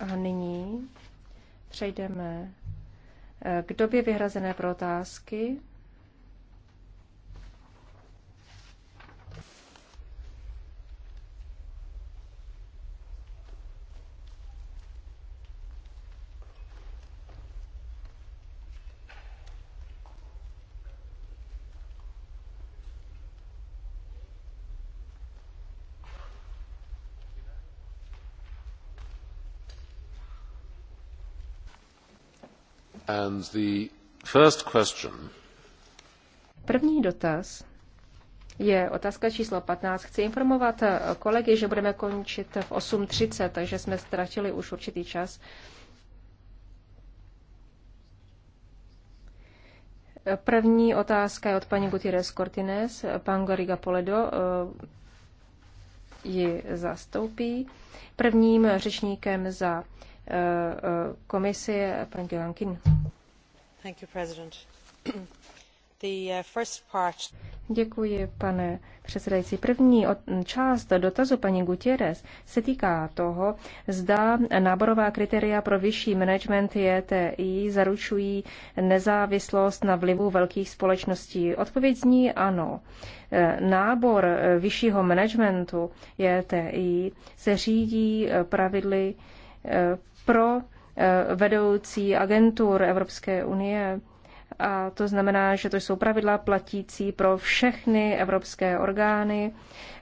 A nyní přejdeme eh, k době vyhrazené pro otázky. And the first question. První dotaz je otázka číslo 15. Chci informovat eh, kolegy, že budeme končit v 8.30, takže jsme ztratili už určitý čas. První otázka je od paní Gutierrez Cortines. Pan Goriga Poledo eh, ji zastoupí. Prvním řečníkem za Eh, eh, komisi, pan Gilonkin. Eh, part... Děkuji, pane předsedající. První část dotazu paní Gutierrez se týká toho, zda náborová kritéria pro vyšší management JTI zaručují nezávislost na vlivu velkých společností. Odpověď zní ano. Nábor vyššího managementu JTI se řídí pravidly pro eh, vedoucí agentur Evropské unie. A to znamená, že to jsou pravidla platící pro všechny evropské orgány.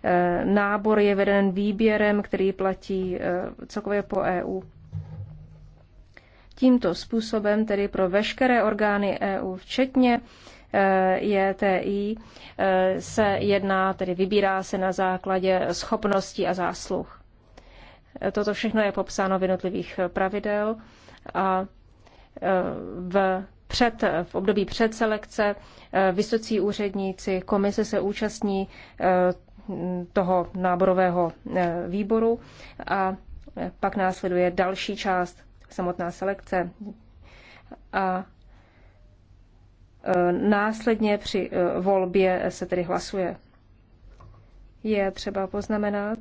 Eh, nábor je veden výběrem, který platí eh, celkově po EU. Tímto způsobem tedy pro veškeré orgány EU, včetně JTI, e se jedná, tedy vybírá se na základě schopností a zásluh. Toto všechno je popsáno v jednotlivých pravidel a e, v, před, v období předselekce e, vysocí úředníci komise se účastní e, toho náborového výboru a pak následuje další část, samotná selekce. A následně při volbě se tedy hlasuje. Je třeba poznamenat,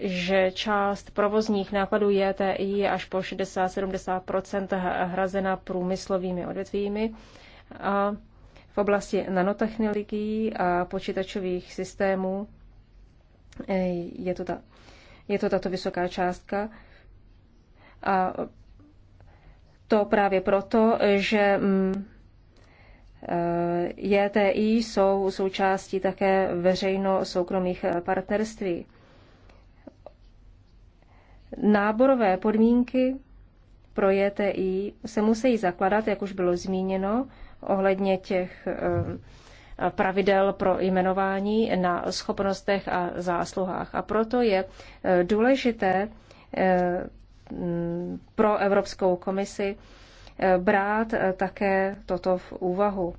že část provozních nákladů JTI je až po 60-70 hrazena průmyslovými odvětvími. A v oblasti nanotechnologií a počítačových systémů eh, je to, ta, je to tato vysoká částka. A to právě proto, že mm, eh, JTI jsou součástí také veřejno-soukromých eh, partnerství. Náborové podmínky pro JTI se musí zakladat, jak už bylo zmíněno, ohledně těch eh, pravidel pro jmenování na schopnostech a zásluhách. A proto je eh, důležité eh, pro Evropskou komisi brát také toto v úvahu.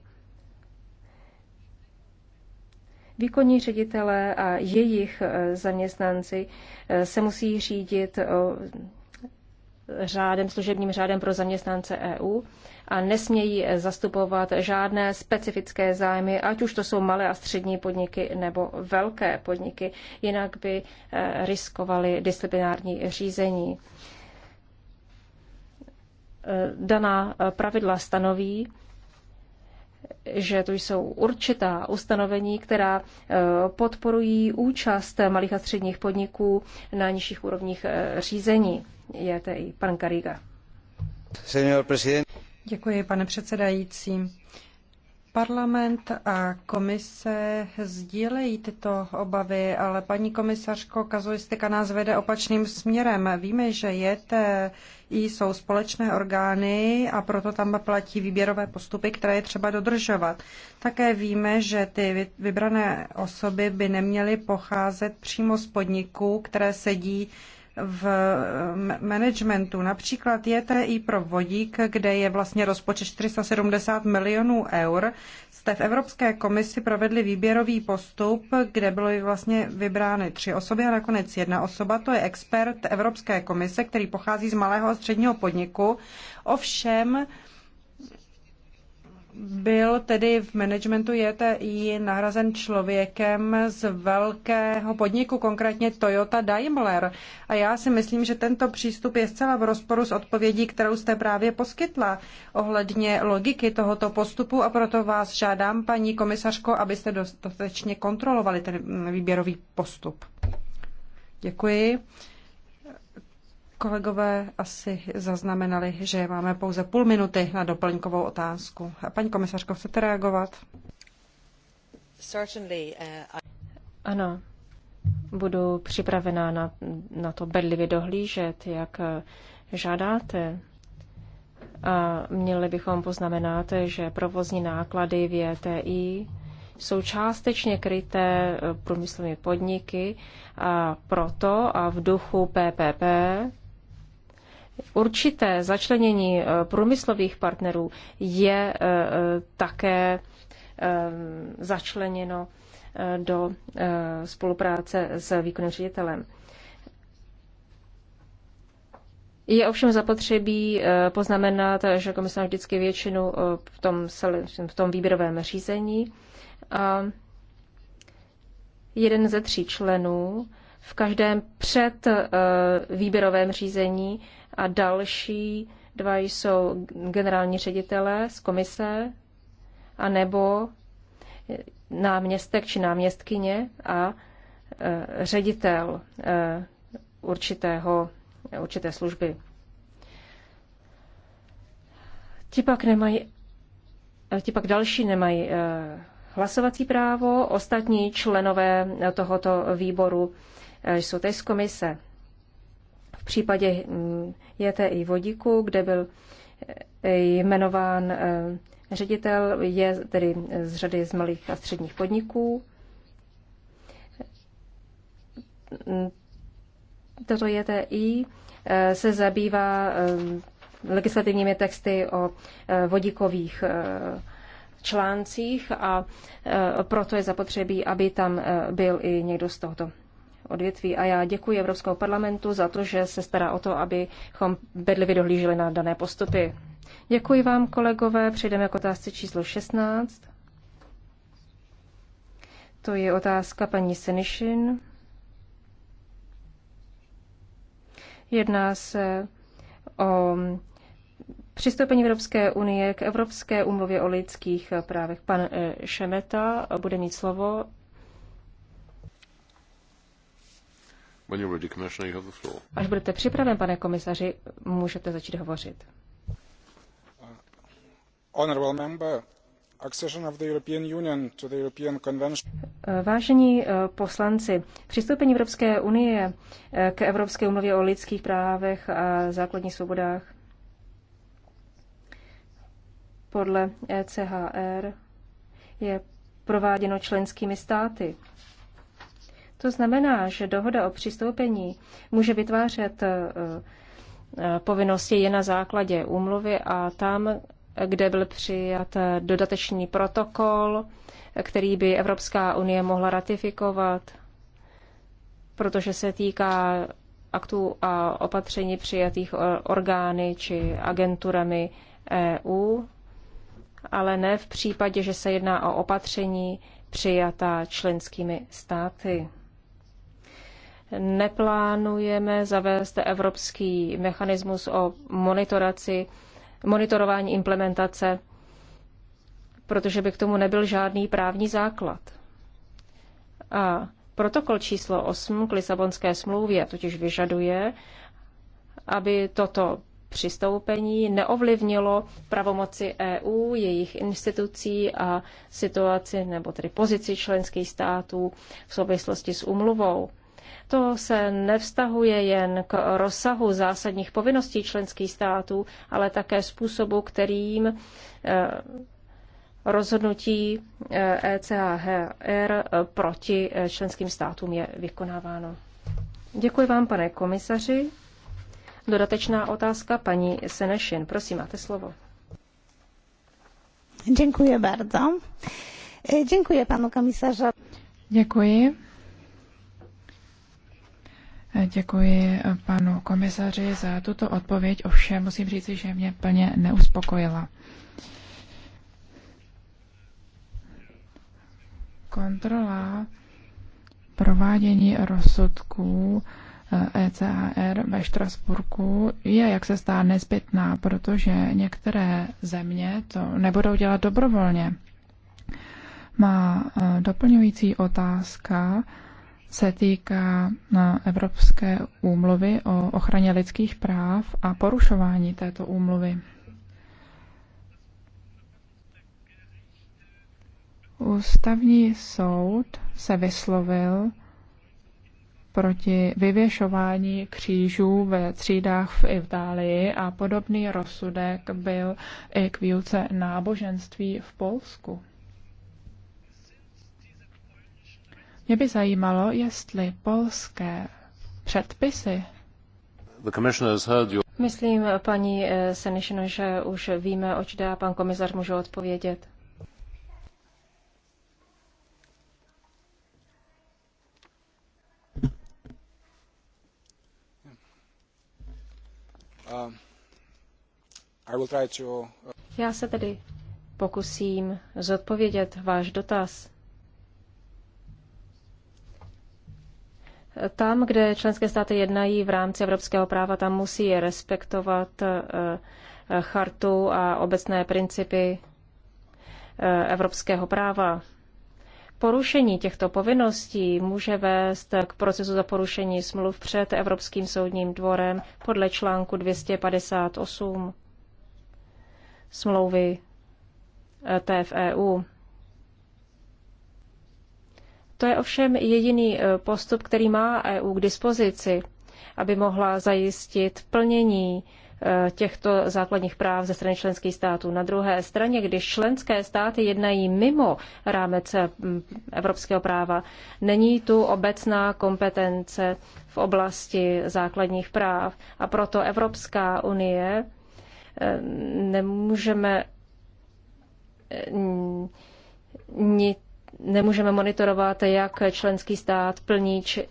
Výkonní ředitelé a jejich eh, zaměstnanci eh, se musí řídit eh, řádem, služebním řádem pro zaměstnance EU a nesmějí zastupovat žádné specifické zájmy, ať už to jsou malé a střední podniky nebo velké podniky, jinak by riskovali disciplinární řízení. Daná pravidla stanoví, že to jsou určitá ustanovení, která eh, podporují účast malých a středních podniků na nižších úrovních eh, řízení. Je to i pan Kariga. Děkuji, pane předsedající Parlament a komise sdílejí tyto obavy, ale paní komisařko, kazuistika nás vede opačným směrem. Víme, že i jsou společné orgány a proto tam platí výběrové postupy, které je třeba dodržovat. Také víme, že ty vybrané osoby by neměly pocházet přímo z podniků, které sedí v managementu. Například je to i pro vodík, kde je vlastně rozpočet 470 milionů eur, jste v Evropské komisi provedli výběrový postup, kde byly vlastně vybrány tři osoby a nakonec jedna osoba. To je expert Evropské komise, který pochází z malého a středního podniku. Ovšem, byl tedy v managementu JTI nahrazen člověkem z velkého podniku, konkrétně Toyota Daimler. A já si myslím, že tento přístup je zcela v rozporu s odpovědí, kterou jste právě poskytla ohledně logiky tohoto postupu a proto vás žádám, paní komisařko, abyste dostatečně kontrolovali ten výběrový postup. Děkuji. Kolegové asi zaznamenali, že máme pouze půl minuty na doplňkovou otázku. A Paní komisařko, chcete reagovat? Uh, ano, budu připravená na, na to bedlivě dohlížet, jak eh, žádáte. A měli bychom poznamenat, že provozní náklady VTI jsou částečně kryté eh, průmyslovými podniky a proto a v duchu PPP Určité začlenění eh, průmyslových partnerů je eh, eh, také začleněno do spolupráce s výkonným ředitelem. Je ovšem zapotřebí poznamenat, že komise vždycky většinu v tom, v tom výběrovém řízení. A jeden ze tří členů v každém před výběrovém řízení a další dva jsou generální ředitelé z komise a nebo náměstek či náměstkyně a e, ředitel e, určitého, určité služby. Ti pak nemají, e, ti pak další nemají hlasovací právo, ostatní členové tohoto výboru jsou tady z komise případě mm, JTI Vodíku, kde byl e, jmenován e, ředitel, je tedy z řady z malých a středních podniků. Toto JTI e, se zabývá legislativními texty o vodíkových článcích a proto je zapotřebí, aby tam byl i někdo z tohoto odvětví. A já děkuji Evropskému parlamentu za to, že se stará o to, abychom bedlivě dohlíželi na dané postupy. Děkuji vám, kolegové. Přejdeme k otázce číslo 16. To je otázka paní Senišin. Jedná se o přistoupení Evropské unie k Evropské umluvě o lidských právech. Pan eh, Šemeta bude mít slovo When you're ready, Commissioner, you have the floor. Až budete připraven, pane komisaři, můžete začít hovořit. honorable member, Vážení poslanci, přistoupení Evropské unie eh, k Evropské umluvě o lidských právech a základních svobodách podle ECHR je prováděno členskými státy. To znamená, že dohoda o přistoupení může vytvářet eh, eh, povinnosti je na základě úmluvy a tam, kde byl přijat dodatečný protokol, který by Evropská unie mohla ratifikovat, protože se týká aktů a opatření přijatých eh, orgány či agenturami EU, ale ne v případě, že se jedná o opatření přijatá členskými státy neplánujeme zavést evropský mechanismus o monitoraci, monitorování implementace, protože by k tomu nebyl žádný právní základ. A protokol číslo 8 k Lisabonské smlouvě totiž vyžaduje, aby toto přistoupení neovlivnilo pravomoci EU, jejich institucí a situaci nebo tedy pozici členských států v souvislosti s umluvou. To se nevztahuje jen k rozsahu zásadních povinností členských států, ale také způsobu, kterým eh, rozhodnutí ECHR eh, e eh, proti členským státům je vykonáváno. Děkuji vám, pane komisaři. Dodatečná otázka paní Senešin. Prosím, máte slovo. Děkuji bardzo. E, Děkuji, panu komisaři. Děkuji. Děkuji eh, panu komisaři za tuto odpověď, ovšem musím říct, že mě plně neuspokojila. Kontrola provádění rozsudků ECHR eh, e ve Štrasburku je, jak se stá, nezbytná, protože některé země to nebudou dělat dobrovolně. Má eh, doplňující otázka se týká na eh, Evropské úmluvy o ochraně lidských práv a porušování této úmluvy. Ústavní soud se vyslovil proti vyvěšování křížů ve třídách v Itálii a podobný rozsudek byl i k výuce náboženství v Polsku. Mě by zajímalo, jestli polské předpisy Myslím, paní eh, Senešino, že už víme, oč dá. Pan komisař může odpovědět. Uh, uh, Já se tedy pokusím zodpovědět váš dotaz. Tam, kde členské státy jednají v rámci evropského práva, tam musí je respektovat eh, chartu a obecné principy eh, evropského práva. Porušení těchto povinností může vést k procesu za porušení smluv před Evropským soudním dvorem podle článku 258 smlouvy eh, TFEU. To je ovšem jediný eh, postup, který má EU k dispozici, aby mohla zajistit plnění eh, těchto základních práv ze strany členských států. Na druhé straně, když členské státy jednají mimo rámec eh, evropského práva, není tu obecná kompetence v oblasti základních práv a proto Evropská unie nemůžeme nic nemůžeme monitorovat, jak členský stát plní, či,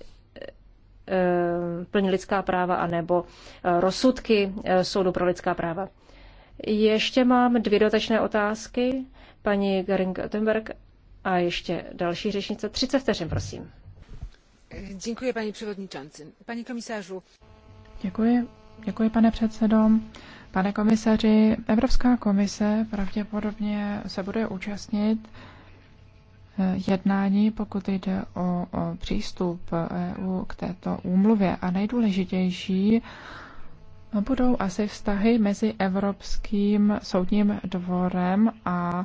eh, plní lidská práva anebo eh, rozsudky eh, Soudu pro lidská práva. Ještě mám dvě dotečné otázky. Paní Gering Ottenberg a ještě další řečnice. 30 vteřin, prosím. Děkuji, paní předsedající. Paní komisářu. Děkuji. Děkuji, pane předsedo. Pane komisaři, Evropská komise pravděpodobně se bude účastnit jednání, pokud jde o, o přístup EU k této úmluvě. A nejdůležitější no, budou asi vztahy mezi Evropským soudním dvorem a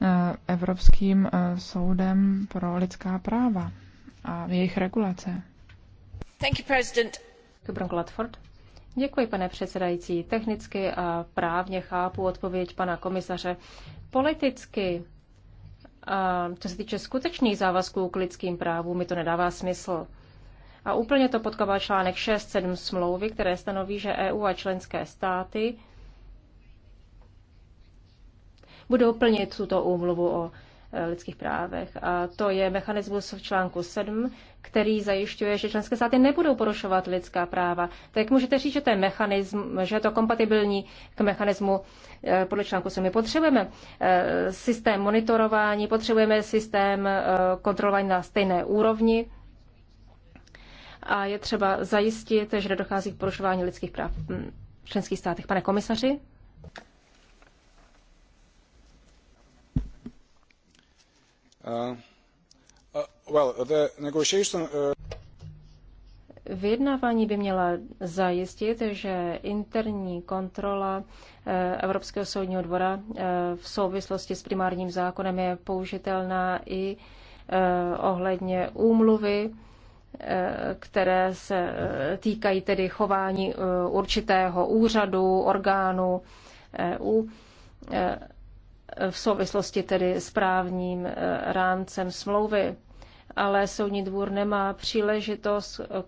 e, Evropským e, soudem pro lidská práva a jejich regulace. Thank you, President. Děkuji, pane předsedající. Technicky a právně chápu odpověď pana komisaře. Politicky a co se týče skutečných závazků k lidským právům, mi to nedává smysl. A úplně to podkopá článek 6.7 smlouvy, které stanoví, že EU a členské státy budou plnit tuto úmluvu o Eh, lidských právech. A to je mechanismus v článku 7, který zajišťuje, že členské státy nebudou porušovat lidská práva. Tak můžete říct, že, to je mechanism, že je to kompatibilní k mechanismu eh, podle článku 7. My potřebujeme eh, systém monitorování, potřebujeme systém kontrolování na stejné úrovni a je třeba zajistit, že nedochází k porušování lidských práv v členských státech. Pane komisaři? Uh, uh, uh, Vyjednávání by měla zajistit, že interní kontrola eh, Evropského soudního dvora eh, v souvislosti s primárním zákonem je použitelná i eh, ohledně úmluvy, které se týkají tedy chování určitého úřadu, orgánu EU v souvislosti tedy s právním eh, rámcem smlouvy. Ale soudní dvůr nemá příležitost eh,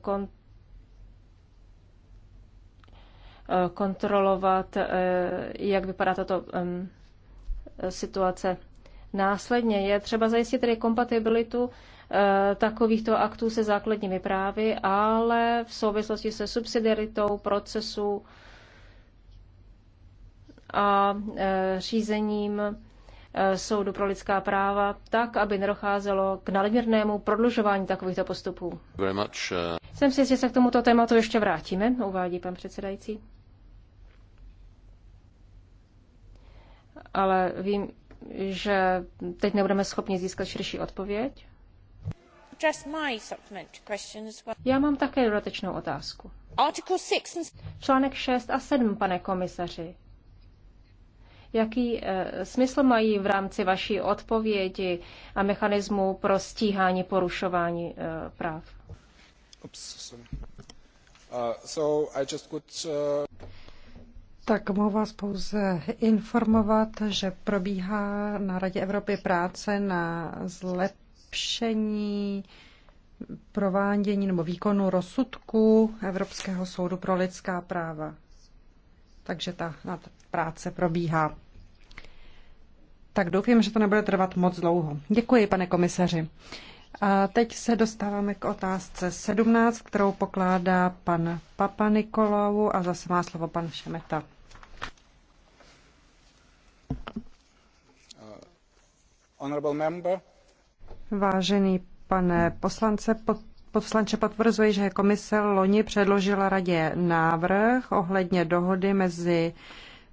kontrolovat, eh, jak vypadá tato situace. Následně je třeba zajistit tedy kompatibilitu takovýchto aktů se základními právy, ale v souvislosti se subsidiaritou procesu a e, řízením e, Soudu pro lidská práva, tak, aby nedocházelo k nadměrnému prodlužování takovýchto postupů. Uh, Jsem si jistě, že se k tomuto tématu ještě vrátíme, uvádí pan předsedající. Ale vím, že teď nebudeme schopni získat širší odpověď. Já mám také dodatečnou otázku. Článek 6 a 7, pane komisaři jaký eh, smysl mají v rámci vaší odpovědi a mechanismu pro stíhání porušování eh, práv. Ups, uh, so I just could, uh... Tak mohu vás pouze informovat, že probíhá na Radě Evropy práce na zlepšení provádění nebo výkonu rozsudku Evropského soudu pro lidská práva. Takže ta, na práce probíhá. Tak doufám, že to nebude trvat moc dlouho. Děkuji, pane komisaři. A teď se dostáváme k otázce 17, kterou pokládá pan Papa Nikolau a zase má slovo pan Šemeta. Uh, member. Vážený pane poslance, poslanče potvrzuji, že komise loni předložila radě návrh ohledně dohody mezi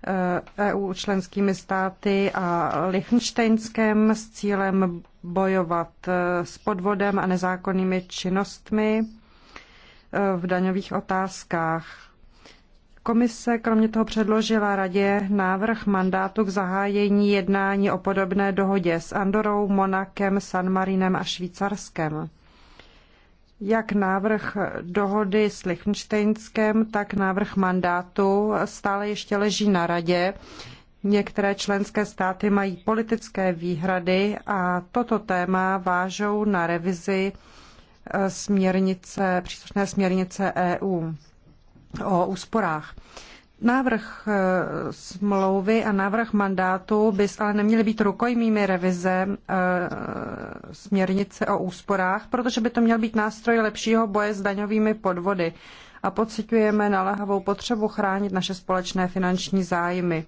Eh, EU členskými státy a Lichtensteinskem s cílem bojovat eh, s podvodem a nezákonnými činnostmi eh, v daňových otázkách. Komise kromě toho předložila radě návrh mandátu k zahájení jednání o podobné dohodě s Andorou, Monakem, San Marinem a Švýcarskem jak návrh dohody s Lichtensteinskem, tak návrh mandátu stále ještě leží na radě. Některé členské státy mají politické výhrady a toto téma vážou na revizi eh, směrnice, příslušné směrnice EU o úsporách. Návrh eh, smlouvy a návrh mandátu by ale neměly být rukojmími revize eh, směrnice o úsporách, protože by to měl být nástroj lepšího boje s daňovými podvody a pocitujeme naléhavou potřebu chránit naše společné finanční zájmy.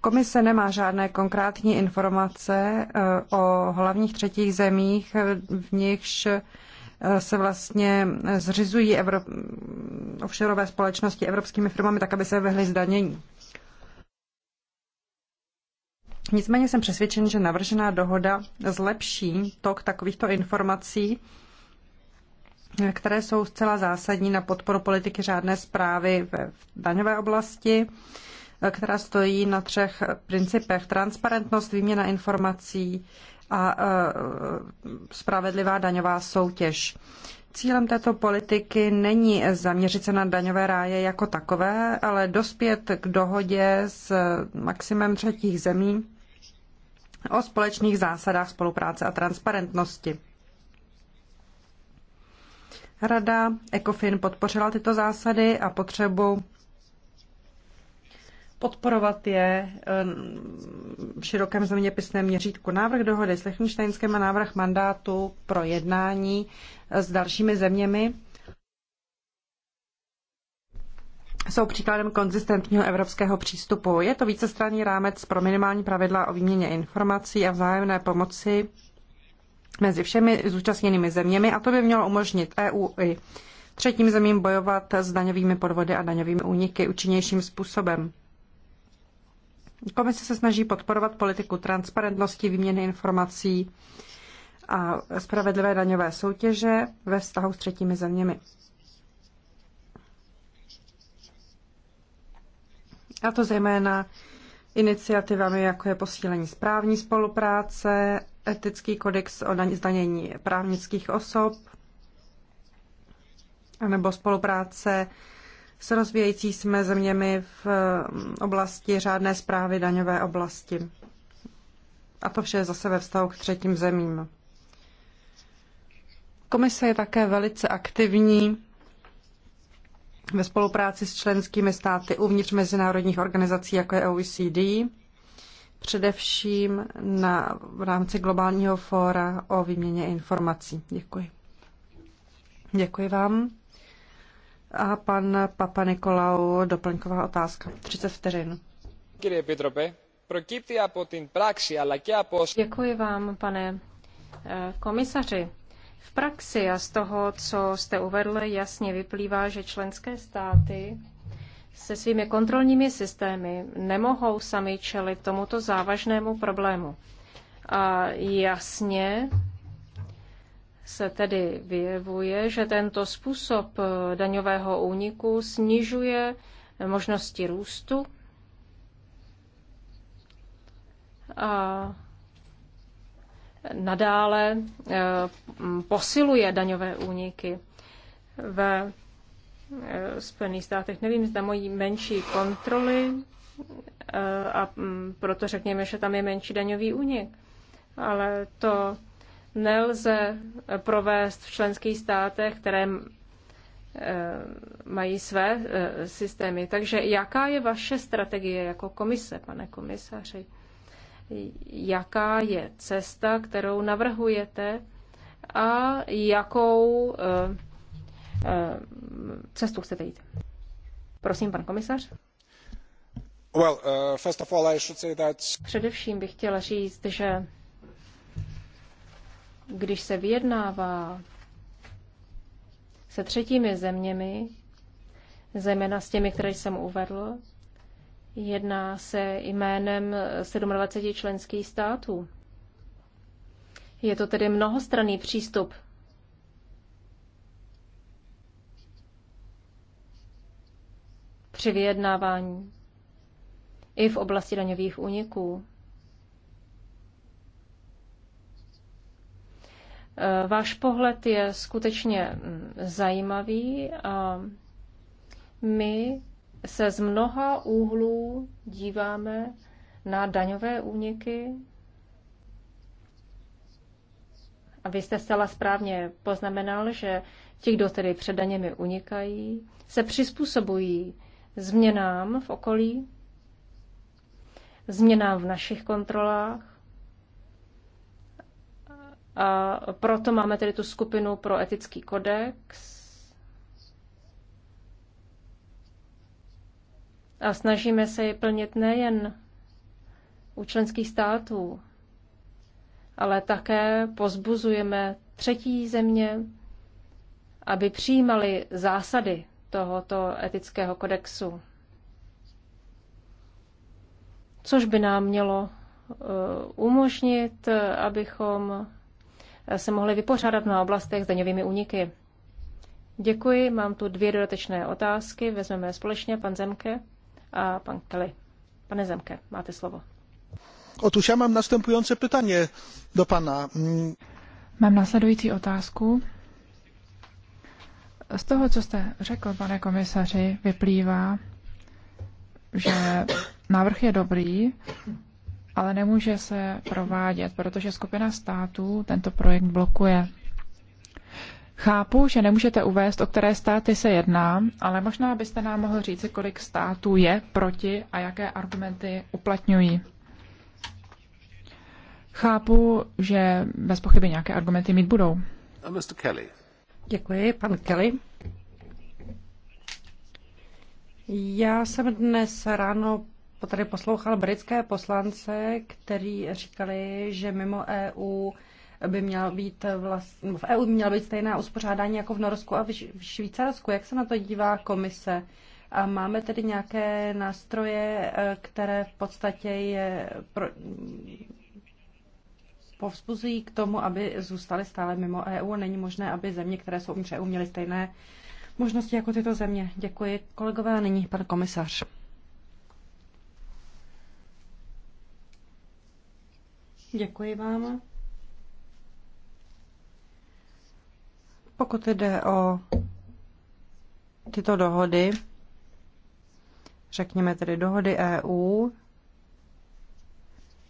Komise nemá žádné konkrétní informace eh, o hlavních třetích zemích, v nichž se vlastně zřizují Evrop... offshoreové společnosti evropskými firmami tak, aby se vyhly zdanění. Nicméně jsem přesvědčen, že navržená dohoda zlepší tok takovýchto informací, které jsou zcela zásadní na podporu politiky řádné zprávy v daňové oblasti, která stojí na třech principech. Transparentnost, výměna informací a e, spravedlivá daňová soutěž. Cílem této politiky není zaměřit se na daňové ráje jako takové, ale dospět k dohodě s maximem třetích zemí o společných zásadách spolupráce a transparentnosti. Rada ECOFIN podpořila tyto zásady a potřebu podporovat je v širokém zeměpisném měřítku. Návrh dohody s Lichtensteinskem a návrh mandátu pro jednání eh, s dalšími zeměmi jsou příkladem konzistentního evropského přístupu. Je to vícestranný rámec pro minimální pravidla o výměně informací a vzájemné pomoci mezi všemi zúčastněnými zeměmi a to by mělo umožnit EU i třetím zemím bojovat s daňovými podvody a daňovými úniky účinnějším způsobem. Komise se snaží podporovat politiku transparentnosti, výměny informací a spravedlivé daňové soutěže ve vztahu s třetími zeměmi. A to zejména iniciativami, jako je posílení správní spolupráce, etický kodex o zdanění právnických osob, nebo spolupráce s rozvíjející jsme zeměmi v mm, oblasti řádné zprávy daňové oblasti. A to vše je zase ve vztahu k třetím zemím. Komise je také velice aktivní ve spolupráci s členskými státy uvnitř mezinárodních organizací, jako je OECD, především na, v rámci globálního fóra o výměně informací. Děkuji. Děkuji vám. A pan Papa Nikolau, doplňková otázka. 30 vteřin. Děkuji vám, pane eh, komisaři. V praxi a z toho, co jste uvedl, jasně vyplývá, že členské státy se svými kontrolními systémy nemohou sami čelit tomuto závažnému problému. A jasně se tedy vyjevuje, že tento způsob eh, daňového úniku snižuje možnosti růstu a nadále eh, posiluje daňové úniky ve eh, Spojených státech. Nevím, zda mají menší kontroly a mm, proto řekněme, že tam je menší daňový únik. Ale to nelze provést v členských státech, které eh, mají své eh, systémy. Takže jaká je vaše strategie jako komise, pane komisaři? Jaká je cesta, kterou navrhujete a jakou eh, cestu chcete jít? Prosím, pan komisař. Well, uh, first of all, I should say that... Především bych chtěla říct, že když se vyjednává se třetími zeměmi, zejména s těmi, které jsem uvedl, jedná se jménem 27 členských států. Je to tedy mnohostranný přístup. Při vyjednávání i v oblasti daňových úniků. Eh, váš pohled je skutečně mm, zajímavý a my se z mnoha úhlů díváme na daňové úniky. A vy jste zcela správně poznamenal, že ti, kdo tedy před daněmi unikají, se přizpůsobují změnám v okolí, změnám v našich kontrolách a proto máme tedy tu skupinu pro etický kodex. A snažíme se ji plnit nejen u členských států, ale také pozbuzujeme třetí země, aby přijímali zásady tohoto etického kodexu. Což by nám mělo eh, umožnit, abychom se mohly vypořádat na oblastech s daňovými úniky. Děkuji, mám tu dvě dodatečné otázky, vezmeme je společně, pan Zemke a pan Kelly. Pane Zemke, máte slovo. Otóż já mám następujące pytanie do pana. Mám následující otázku. Z toho, co jste řekl, pane komisaři, vyplývá, že návrh je dobrý, ale nemůže se provádět, protože skupina států tento projekt blokuje. Chápu, že nemůžete uvést, o které státy se jedná, ale možná byste nám mohl říci, kolik států je proti a jaké argumenty uplatňují. Chápu, že bez pochyby nějaké argumenty mít budou. Mr. Kelly. Děkuji, pan Kelly. Já jsem dnes ráno tady poslouchal britské poslance, kteří říkali, že mimo EU by měl být vlastně, v EU by měla být stejná uspořádání jako v Norsku a v Švýcarsku. Jak se na to dívá komise? A máme tedy nějaké nástroje, e, které v podstatě je pro, povzbuzují k tomu, aby zůstaly stále mimo EU. Není možné, aby země, které jsou uvnitř EU, měly stejné možnosti jako tyto země. Děkuji, kolegové, a nyní pan komisař. Děkuji vám. Pokud jde o tyto dohody, řekněme tedy dohody EU,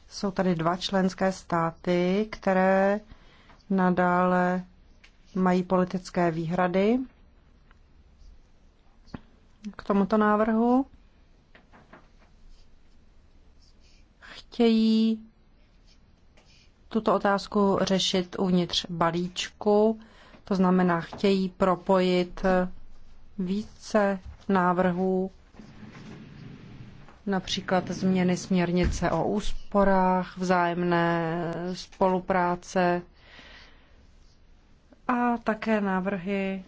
jsou tady dva členské státy, které nadále mají politické výhrady k tomuto návrhu. Chtějí tuto otázku řešit uvnitř balíčku, to znamená, chtějí propojit více návrhů, například změny směrnice o úsporách, vzájemné spolupráce a také návrhy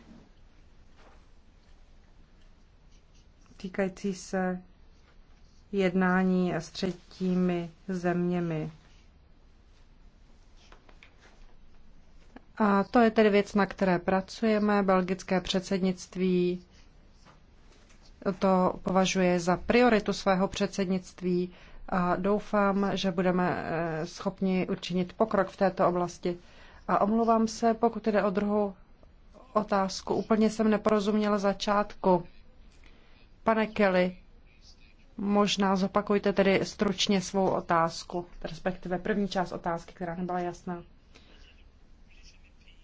týkající se jednání s třetími zeměmi. A to je tedy věc, na které pracujeme. Belgické předsednictví to považuje za prioritu svého předsednictví a doufám, že budeme eh, schopni učinit pokrok v této oblasti. A omluvám se, pokud jde o druhou otázku. Úplně jsem neporozuměla začátku. Pane Kelly, možná zopakujte tedy stručně svou otázku, respektive první část otázky, která nebyla jasná.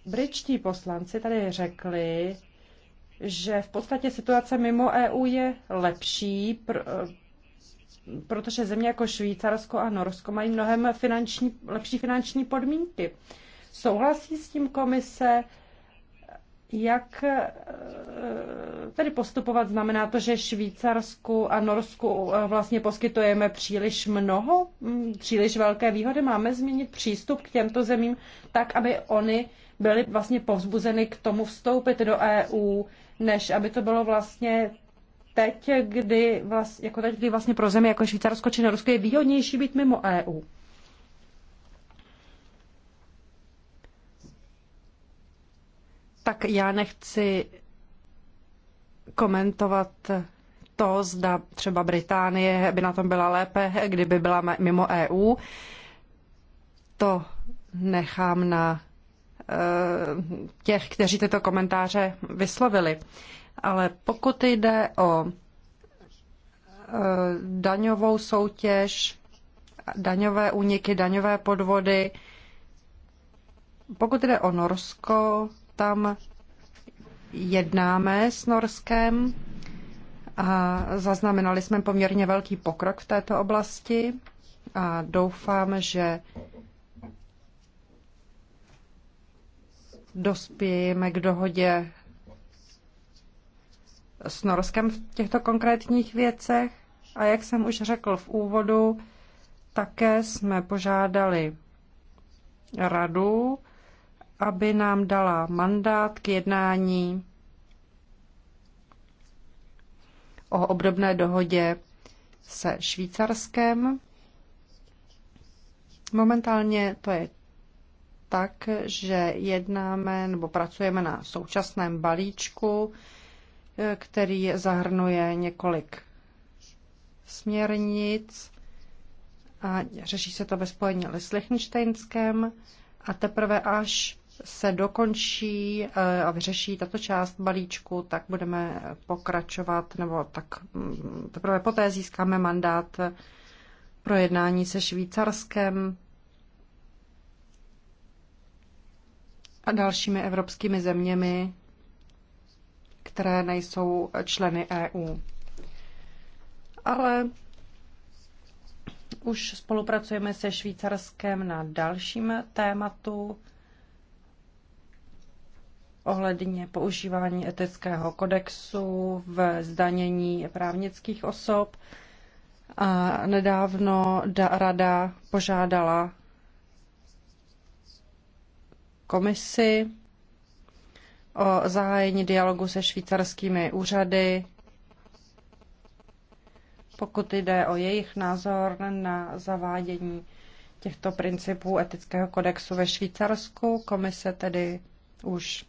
Britští poslanci tady řekli, že v podstatě situace mimo EU je lepší, pr- protože země jako Švýcarsko a Norsko mají mnohem finanční, lepší finanční podmínky. Souhlasí s tím komise, jak eh, tedy postupovat? Znamená to, že Švýcarsku a Norsku eh, vlastně poskytujeme příliš mnoho, mm, příliš velké výhody. Máme změnit přístup k těmto zemím tak, aby oni byly vlastně povzbuzeny k tomu vstoupit do EU, než aby to bylo vlastně teď, kdy vlastně, jako teď, kdy vlastně pro země jako Švýcarsko či Norsko je výhodnější být mimo EU. Tak já nechci komentovat to, zda třeba Británie by na tom byla lépe, kdyby byla mimo EU. To nechám na Eh, těch, kteří tyto komentáře vyslovili. Ale pokud jde o eh, daňovou soutěž, daňové úniky, daňové podvody, pokud jde o Norsko, tam jednáme s Norskem a zaznamenali jsme poměrně velký pokrok v této oblasti a doufám, že dospějeme k dohodě s Norskem v těchto konkrétních věcech. A jak jsem už řekl v úvodu, také jsme požádali radu, aby nám dala mandát k jednání o obdobné dohodě se Švýcarskem. Momentálně to je tak, že jednáme nebo pracujeme na současném balíčku, který zahrnuje několik směrnic a řeší se to ve spojení s Lichtensteinském a teprve až se dokončí eh, a vyřeší tato část balíčku, tak budeme pokračovat, nebo tak mm, teprve poté získáme mandát pro jednání se Švýcarskem a dalšími evropskými zeměmi, které nejsou členy EU. Ale už spolupracujeme se Švýcarskem na dalším tématu ohledně používání etického kodexu v zdanění právnických osob. A nedávno Rada požádala komisi o zahájení dialogu se švýcarskými úřady, pokud jde o jejich názor na zavádění těchto principů etického kodexu ve Švýcarsku. Komise tedy už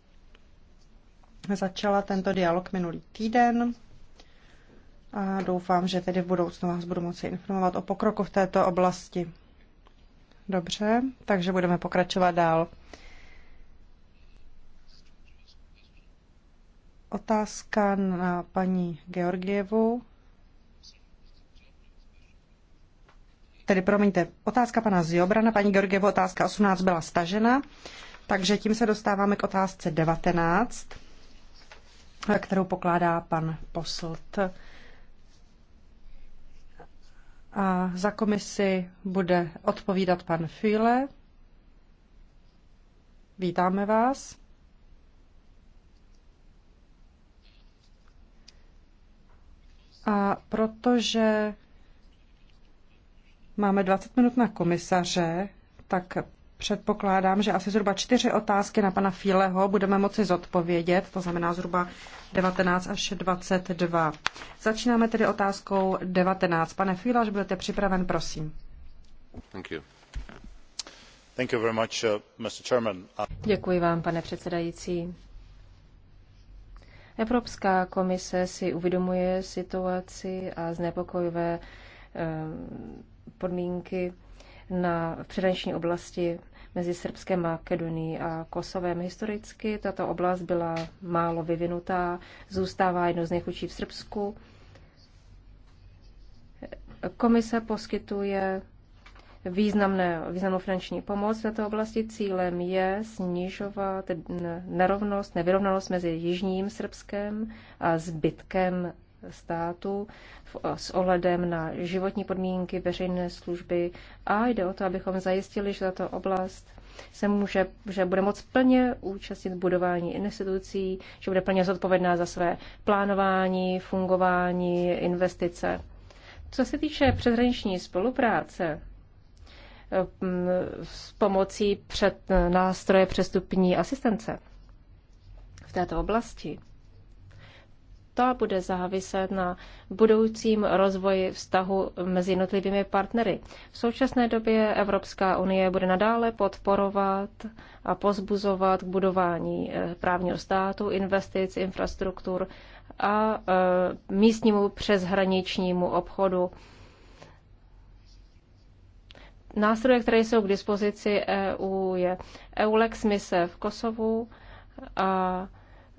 začala tento dialog minulý týden a doufám, že tedy v budoucnu vás budu moci informovat o pokroku v této oblasti. Dobře, takže budeme pokračovat dál. Otázka na paní Georgievu. Tedy, promiňte, otázka pana Ziobra na paní Georgievu, otázka 18 byla stažena, takže tím se dostáváme k otázce 19, kterou pokládá pan Poslt. A za komisi bude odpovídat pan Füle. Vítáme vás. A protože máme 20 minut na komisaře, tak předpokládám, že asi zhruba čtyři otázky na pana Fíleho budeme moci zodpovědět, to znamená zhruba 19 až 22. Začínáme tedy otázkou 19. Pane Fíle, až budete připraven, prosím. Thank you. Thank you very much, uh, Mr. Děkuji vám, pane předsedající. Evropská komise si uvědomuje situaci a znepokojivé eh, podmínky na předanční oblasti mezi Srbskem, Makedonií a Kosovem. Historicky tato oblast byla málo vyvinutá, zůstává jedno z nejchudších v Srbsku. Komise poskytuje významné, významnou finanční pomoc na této oblasti. Cílem je snižovat nerovnost, nevyrovnanost mezi Jižním Srbskem a zbytkem státu s ohledem na životní podmínky, veřejné služby a jde o to, abychom zajistili, že tato oblast se může, že bude moc plně účastnit budování institucí, že bude plně zodpovědná za své plánování, fungování, investice. Co se týče přeshraniční spolupráce, s pomocí před nástroje přestupní asistence v této oblasti. To bude záviset na budoucím rozvoji vztahu mezi jednotlivými partnery. V současné době Evropská unie bude nadále podporovat a pozbuzovat k budování eh, právního státu, investic, infrastruktur a eh, místnímu přeshraničnímu obchodu nástroje, které jsou k dispozici EU, je EULEX mise v Kosovu a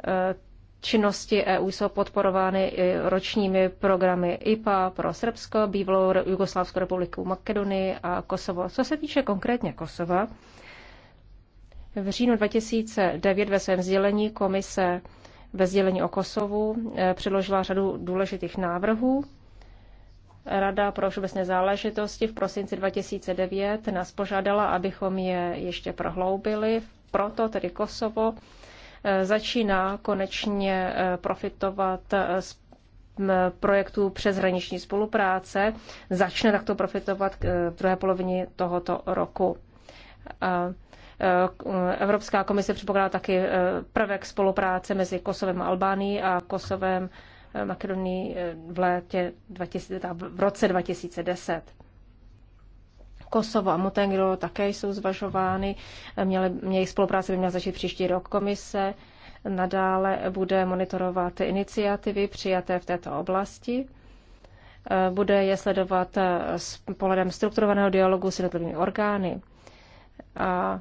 e, činnosti EU jsou podporovány ročními programy IPA pro Srbsko, bývalou Jugoslávskou republiku Makedonii a Kosovo. Co se týče konkrétně Kosova, v říjnu 2009 ve svém sdělení komise ve sdělení o Kosovu e, předložila řadu důležitých návrhů Rada pro všeobecné záležitosti v prosinci 2009 nás požádala, abychom je ještě prohloubili. Proto tedy Kosovo eh, začíná konečně eh, profitovat eh, z projektů přeshraniční spolupráce, začne takto profitovat v druhé polovině tohoto roku. Evropská komise připokládá taky prvek spolupráce mezi Kosovem a Albánií a Kosovem Eh, Makedonii eh, v, létě 2000, v roce 2010. Kosovo a Montenegro také jsou zvažovány. Eh, měli, měli spolupráce by měla začít příští rok komise. Nadále bude monitorovat iniciativy přijaté v této oblasti. Bude je sledovat s pohledem strukturovaného dialogu s jednotlivými orgány. A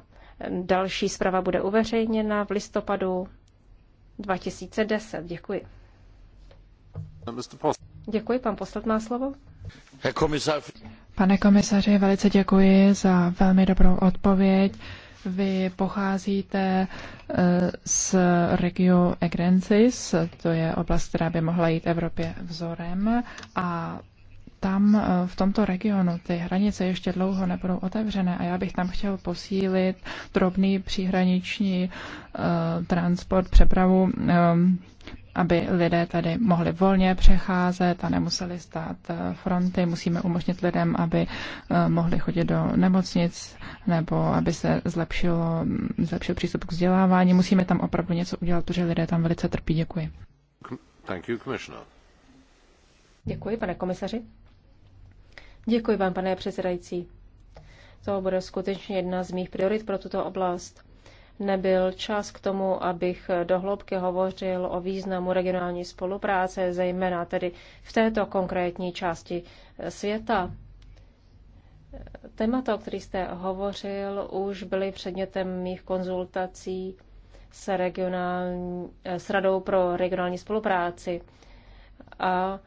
další zpráva bude uveřejněna v listopadu 2010. Děkuji. Děkuji, pan poslat má slovo. Pane komisaři, velice děkuji za velmi dobrou odpověď. Vy pocházíte eh, z Regio Egrensis, to je oblast, která by mohla jít Evropě vzorem a tam eh, v tomto regionu ty hranice ještě dlouho nebudou otevřené a já bych tam chtěl posílit drobný příhraniční uh, transport, přepravu um, aby lidé tady mohli volně přecházet a nemuseli stát eh, fronty. Musíme umožnit lidem, aby eh, mohli chodit do nemocnic nebo aby se zlepšilo, zlepšil přístup k vzdělávání. Musíme tam opravdu něco udělat, protože lidé tam velice trpí. Děkuji. Thank you, commissioner. Děkuji, pane komisaři. Děkuji vám, pane předsedající. To bude skutečně jedna z mých priorit pro tuto oblast nebyl čas k tomu, abych dohloubky hovořil o významu regionální spolupráce, zejména tedy v této konkrétní části světa. Témata, o kterých jste hovořil, už byly předmětem mých konzultací s, regionální, s Radou pro regionální spolupráci a,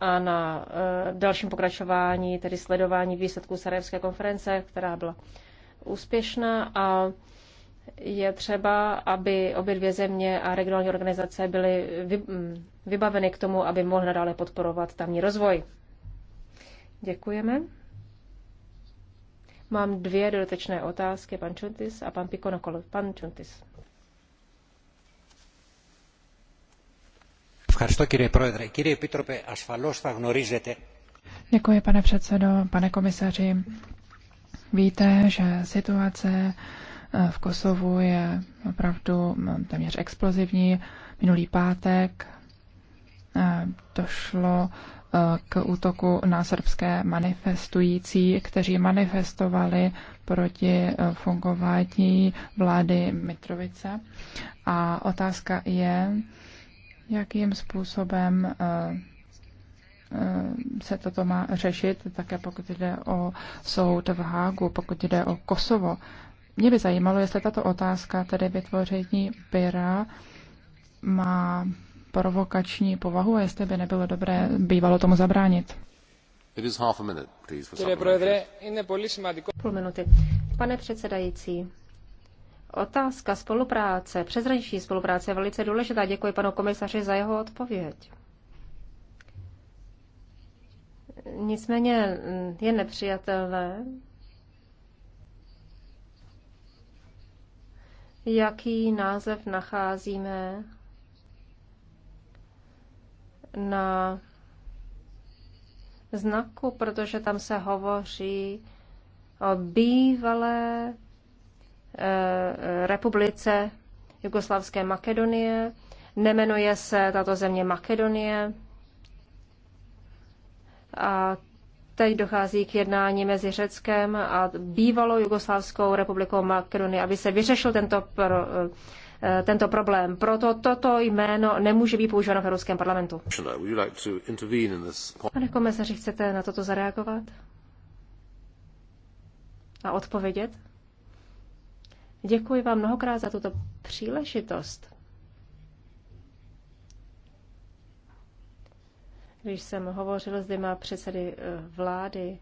a na e, dalším pokračování, tedy sledování výsledků Sarajevské konference, která byla úspěšná a je třeba, aby obě dvě země a regionální organizace byly mm, vybaveny k tomu, aby mohly nadále podporovat tamní rozvoj. Děkujeme. Mám dvě dodatečné otázky, pan Čuntis a pan Pikonokol. Pan Čuntis. Děkuji, pane předsedo, pane komisaři. Víte, že situace eh, v Kosovu je opravdu mm, téměř explozivní. Minulý pátek eh, došlo eh, k útoku na srbské manifestující, kteří manifestovali proti fungování vlády Mitrovice. A otázka je, jakým způsobem Eh, se toto má řešit, také pokud jde o soud v Hágu, pokud jde o Kosovo. Mě by zajímalo, jestli tato otázka, tedy vytvoření Byra, má provokační povahu a jestli by nebylo dobré bývalo tomu zabránit. Půl minuty. Pane předsedající, otázka spolupráce, přezraniční spolupráce je velice důležitá. Děkuji panu komisaři za jeho odpověď. Nicméně mm, je nepřijatelné, jaký název nacházíme na znaku, protože tam se hovoří o bývalé eh, republice Jugoslavské Makedonie. Nemenuje se tato země Makedonie, a teď dochází k jednání mezi Řeckem a bývalou Jugoslávskou republikou Makedonie, aby se vyřešil tento, pro, eh, tento problém. Proto toto jméno nemůže být používáno v Evropském parlamentu. Pane komisaři, chcete na toto zareagovat? A odpovědět? Děkuji vám mnohokrát za tuto příležitost. Když jsem hovořil s dvěma předsedy eh, vlády,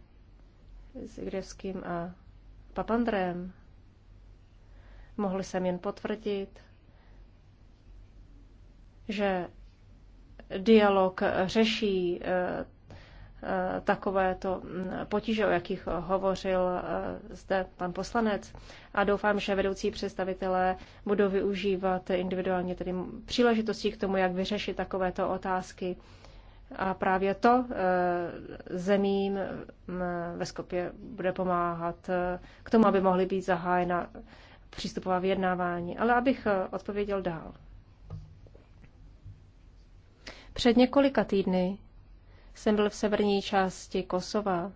s Igrevským a Papandrem, mohl jsem jen potvrdit, že dialog eh, řeší eh, takovéto mm, potíže, o jakých hovořil zde pan poslanec. A doufám, že vedoucí představitelé budou využívat individuálně tedy příležitosti k tomu, jak vyřešit takovéto otázky a právě to eh, zemím mm, ve Skopě bude pomáhat eh, k tomu, aby mohly být zahájena přístupová vyjednávání. Ale abych eh, odpověděl dál. Před několika týdny jsem byl v severní části Kosova.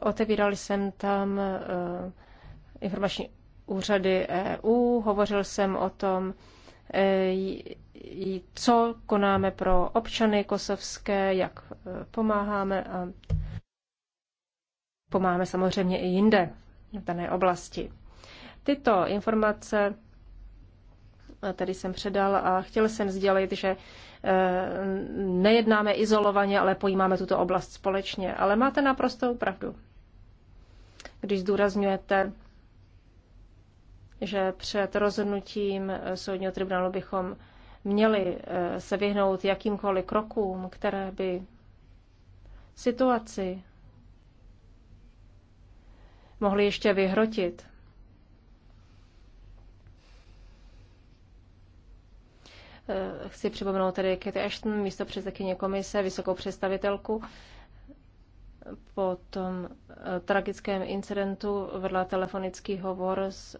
Otevíral jsem tam informační úřady EU, hovořil jsem o tom, co konáme pro občany kosovské, jak e, pomáháme a pomáháme samozřejmě i jinde v dané oblasti. Tyto informace e, tady jsem předal a chtěl jsem sdělit, že e, nejednáme izolovaně, ale pojímáme tuto oblast společně. Ale máte naprostou pravdu, když zdůrazňujete, že před rozhodnutím soudního tribunálu bychom měli eh, se vyhnout jakýmkoliv krokům, které by situaci mohli ještě vyhrotit. Eh, chci připomenout tedy Kate Ashton, místo předsedkyně komise, vysokou představitelku. Po tom eh, tragickém incidentu vedla telefonický hovor s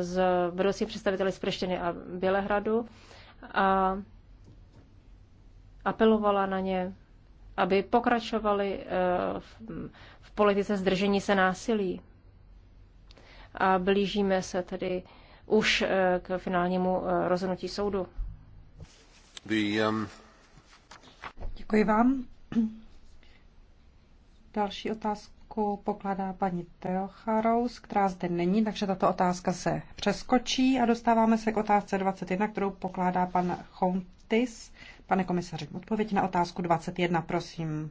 s budoucí představiteli z Prištiny a Bělehradu a apelovala na ně, aby pokračovali eh, v politice zdržení se násilí. A blížíme se tedy už eh, k finálnímu eh, rozhodnutí soudu. The, um... Děkuji vám. Další otázka otázku pokládá paní Teocharous, která zde není, takže tato otázka se přeskočí a dostáváme se k otázce 21, kterou pokládá pan Chontis. Pane komisaři, odpověď na otázku 21, prosím.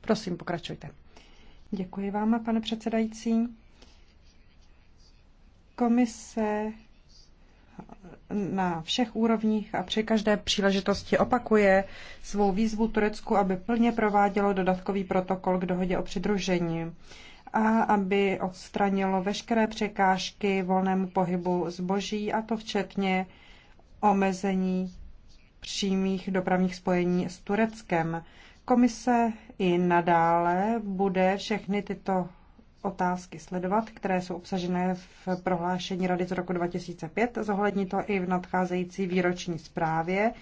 Prosím, pokračujte. Děkuji vám, pane předsedající. Komise na všech úrovních a při každé příležitosti opakuje svou výzvu Turecku, aby plně provádělo dodatkový protokol k dohodě o přidružení a aby odstranilo veškeré překážky volnému pohybu zboží, a to včetně omezení přímých dopravních spojení s Tureckem. Komise i nadále bude všechny tyto otázky sledovat, které jsou obsažené v prohlášení Rady z roku 2005. Zohlední to i v nadcházející výroční zprávě,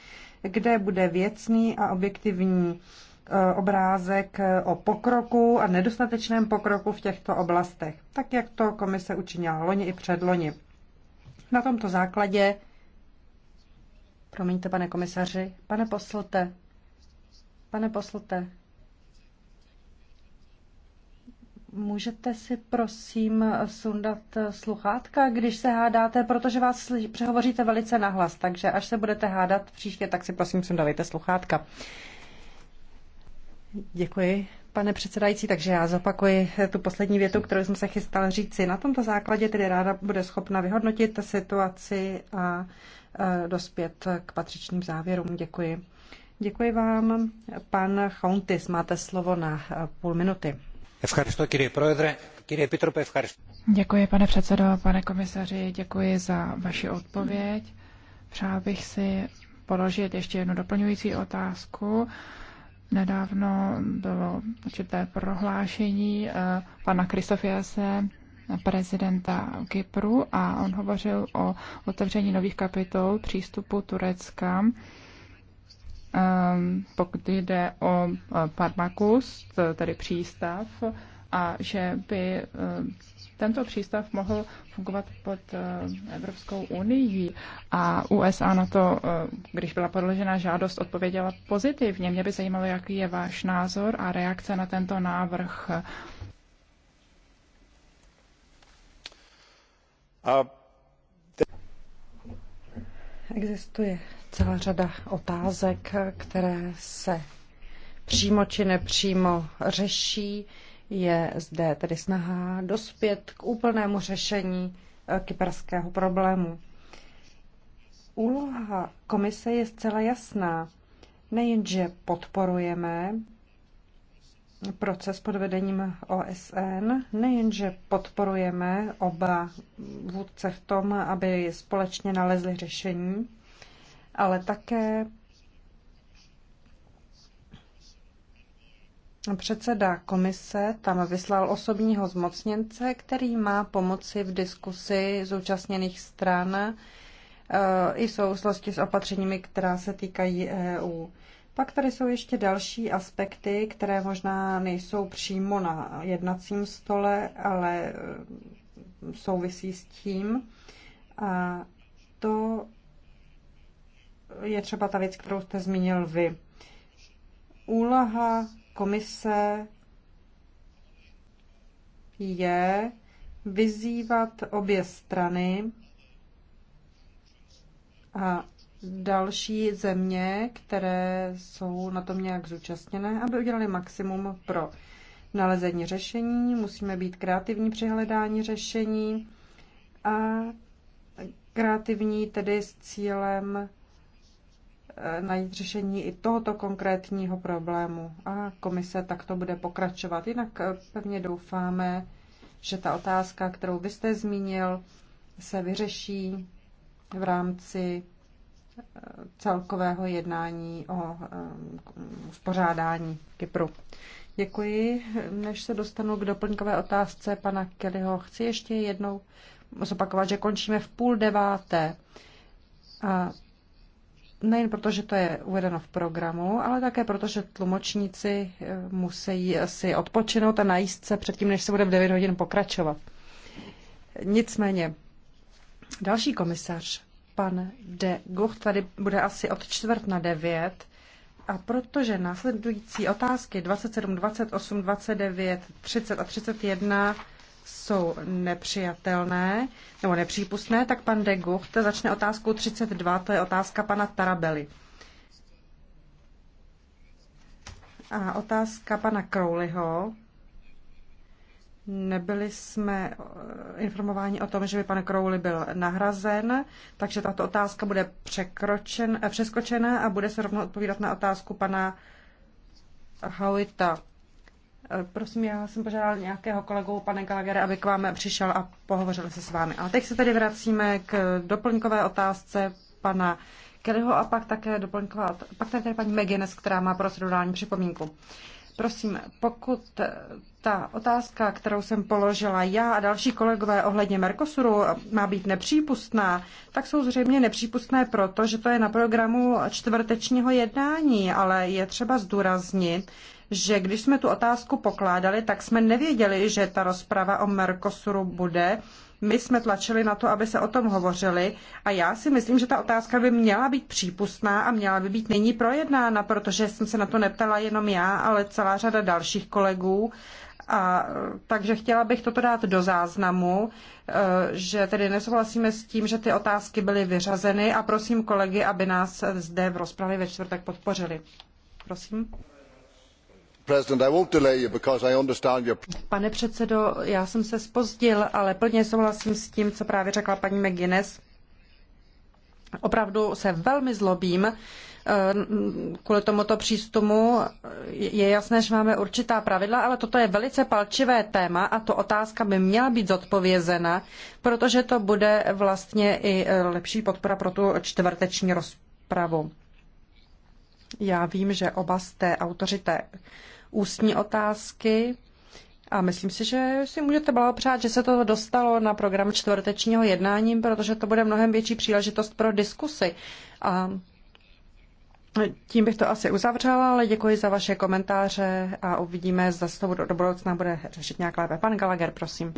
kde bude věcný a objektivní e, obrázek o pokroku a nedostatečném pokroku v těchto oblastech, tak jak to komise učinila loni i předloni. Na tomto základě, promiňte pane komisaři, pane poslte, pane poslte, Můžete si prosím sundat sluchátka, když se hádáte, protože vás přehovoříte velice nahlas, takže až se budete hádat příště, tak si prosím sundavejte sluchátka. Děkuji, pane předsedající, takže já zopakuji tu poslední větu, kterou jsem se chystal říci. Na tomto základě tedy ráda bude schopna vyhodnotit situaci a e, dospět k patřičným závěrům. Děkuji. Děkuji vám. Pan Chauntis, máte slovo na e, půl minuty. Děkuji, pane předsedo, pane komisaři, děkuji za vaši odpověď. Přál bych si položit ještě jednu doplňující otázku. Nedávno bylo určité prohlášení eh, pana Christofiase, prezidenta Kypru, a on hovořil o otevření nových kapitol přístupu Turecka Ehm, pokud jde o e, Parmakus, tedy přístav, a že by e, tento přístav mohl fungovat pod e, Evropskou unii a USA na to, když byla podložena žádost, odpověděla pozitivně. Mě by zajímalo, jaký je váš názor a reakce na tento návrh. Existuje celá řada otázek, které se přímo či nepřímo řeší. Je zde tedy snaha dospět k úplnému řešení eh, kyperského problému. Úloha komise je zcela jasná. Nejenže podporujeme proces pod vedením OSN, nejenže podporujeme oba vůdce v tom, aby společně nalezli řešení, ale také Předseda komise tam vyslal osobního zmocněnce, který má pomoci v diskusi zúčastněných stran e, i v souvislosti s opatřeními, která se týkají EU. Pak tady jsou ještě další aspekty, které možná nejsou přímo na jednacím stole, ale souvisí s tím. A to je třeba ta věc, kterou jste zmínil vy. Úloha komise je vyzývat obě strany a další země, které jsou na tom nějak zúčastněné, aby udělali maximum pro nalezení řešení. Musíme být kreativní při hledání řešení a kreativní tedy s cílem Eh, najít řešení i tohoto konkrétního problému a komise takto bude pokračovat. Jinak eh, pevně doufáme, že ta otázka, kterou vy jste zmínil, se vyřeší v rámci eh, celkového jednání o uspořádání Kypru. Děkuji. Než se dostanu k doplňkové otázce pana Kellyho, chci ještě jednou zopakovat, že končíme v půl deváté. A Nejen proto, že to je uvedeno v programu, ale také proto, že tlumočníci eh, musí si odpočinout a najíst se předtím, než se bude v 9 hodin pokračovat. Nicméně, další komisař, pan de Gucht, tady bude asi od čtvrt na devět. A protože následující otázky 27, 28, 29, 30 a 31 jsou nepřijatelné nebo nepřípustné, tak pan de Gucht začne otázkou 32, to je otázka pana Tarabely. A otázka pana Crowleyho. Nebyli jsme eh, informováni o tom, že by pan Crowley byl nahrazen, takže tato otázka bude překročen, eh, přeskočena a bude se rovnou odpovídat na otázku pana Howita. Eh, prosím, já jsem požádal nějakého kolegu, pane Gallaghera, aby k vám přišel a pohovořil se s vámi. A teď se tedy vracíme k doplňkové otázce pana Kellyho a pak také doplňková, pak tady paní Megines, která má procedurální připomínku. Prosím, pokud ta otázka, kterou jsem položila já a další kolegové ohledně Mercosuru má být nepřípustná, tak jsou zřejmě nepřípustné proto, že to je na programu čtvrtečního jednání, ale je třeba zdůraznit, že když jsme tu otázku pokládali, tak jsme nevěděli, že ta rozprava o Mercosuru bude. My jsme tlačili na to, aby se o tom hovořili a já si myslím, že ta otázka by měla být přípustná a měla by být nyní projednána, protože jsem se na to neptala jenom já, ale celá řada dalších kolegů. A, takže chtěla bych toto dát do záznamu, e, že tedy nesouhlasíme s tím, že ty otázky byly vyřazeny a prosím kolegy, aby nás zde v rozpravě ve čtvrtek podpořili. Prosím. Pane předsedo, já jsem se spozdil, ale plně souhlasím s tím, co právě řekla paní McGuinness. Opravdu se velmi zlobím eh, kvůli tomuto přístupu. Je jasné, že máme určitá pravidla, ale toto je velice palčivé téma a to otázka by měla být zodpovězena, protože to bude vlastně i eh, lepší podpora pro tu čtvrteční rozpravu. Já vím, že oba jste autoři té ústní otázky. A myslím si, že si můžete blahopřát, že se to dostalo na program čtvrtečního jednání, protože to bude mnohem větší příležitost pro diskusy. A tím bych to asi uzavřela, ale děkuji za vaše komentáře a uvidíme, zda se to do budoucna bude řešit nějak lépe. Pan Gallagher, prosím.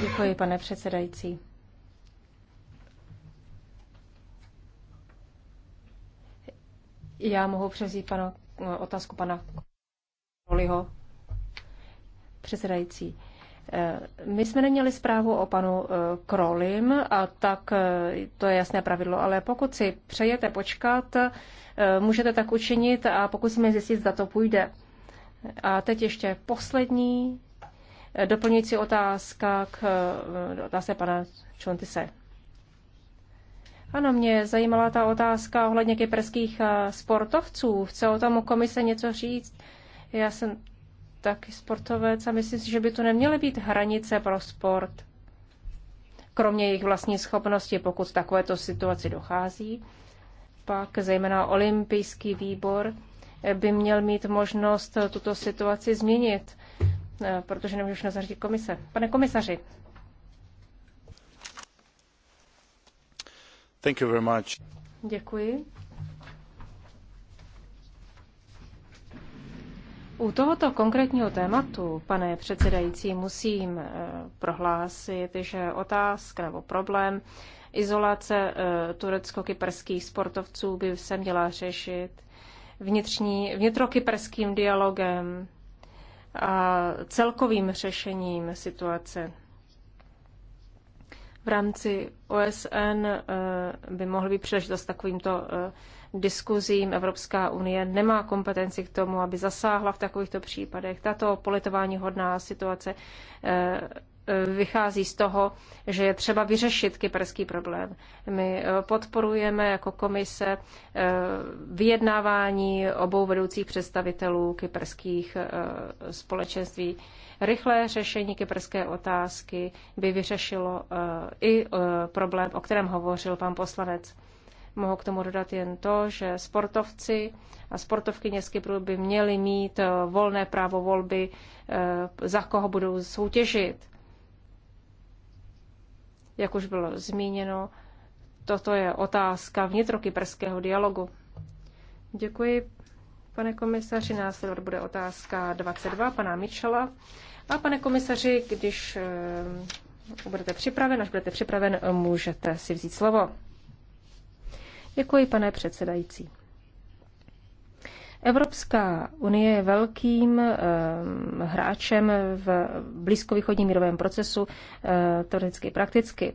Děkuji, pane předsedající. Já mohu převzít panu otázku pana Roliho, předsedající. Eh, my jsme neměli zprávu o panu eh, Krolim, a tak eh, to je jasné pravidlo, ale pokud si přejete počkat, můžete tak učinit a pokusíme zjistit, zda to půjde. A teď ještě poslední doplňující otázka k otázce pana Čontise. Ano, mě zajímala ta otázka ohledně kyperských eh, sportovců. Chce o tom komise něco říct? Já jsem taky sportovec a myslím si, že by to neměly být hranice pro sport. Kromě jejich vlastní schopnosti, pokud takovéto situaci dochází, pak zejména olympijský výbor eh, by měl mít možnost tuto situaci změnit, eh, protože nemůžu nazařit komise. Pane komisaři, Děkuji. U tohoto konkrétního tématu, pane předsedající, musím eh, prohlásit, že otázka nebo problém izolace eh, turecko-kyperských sportovců by se měla řešit vnitřní, vnitrokyperským dialogem a celkovým řešením situace v rámci OSN eh, by mohl být příležitost takovýmto eh, diskuzím. Evropská unie nemá kompetenci k tomu, aby zasáhla v takovýchto případech. Tato politování hodná situace eh, vychází z toho, že je třeba vyřešit kyperský problém. My eh, podporujeme jako komise eh, vyjednávání obou vedoucích představitelů kyperských eh, společenství. Rychlé řešení kyperské otázky by vyřešilo i problém, o kterém hovořil pan poslanec. Mohu k tomu dodat jen to, že sportovci a sportovky z Kypru by měli mít volné právo volby, za koho budou soutěžit jak už bylo zmíněno, toto je otázka vnitrokyperského dialogu. Děkuji, pane komisaři. Následovat bude otázka 22 pana Michela. A pane komisaři, když eh, budete připraven, až budete připraven, můžete si vzít slovo. Děkuji, pane předsedající. Evropská unie je velkým eh, hráčem v blízkovýchodním mírovém procesu eh, teoreticky i prakticky.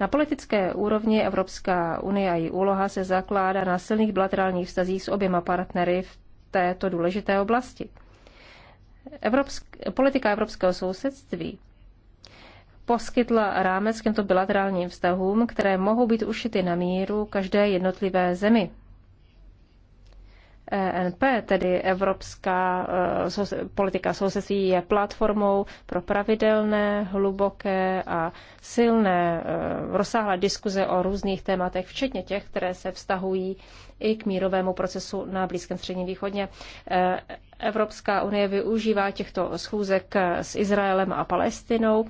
Na politické úrovni Evropská unie a její úloha se zakládá na silných bilaterálních vztazích s oběma partnery v této důležité oblasti. Evropsk- politika evropského sousedství poskytla rámec k těmto bilaterálním vztahům, které mohou být ušity na míru každé jednotlivé zemi. ENP, tedy Evropská e, politika sousedství, je platformou pro pravidelné, hluboké a silné e, rozsáhlé diskuze o různých tématech, včetně těch, které se vztahují i k mírovému procesu na Blízkém středním východě. E, Evropská unie využívá těchto schůzek s Izraelem a Palestinou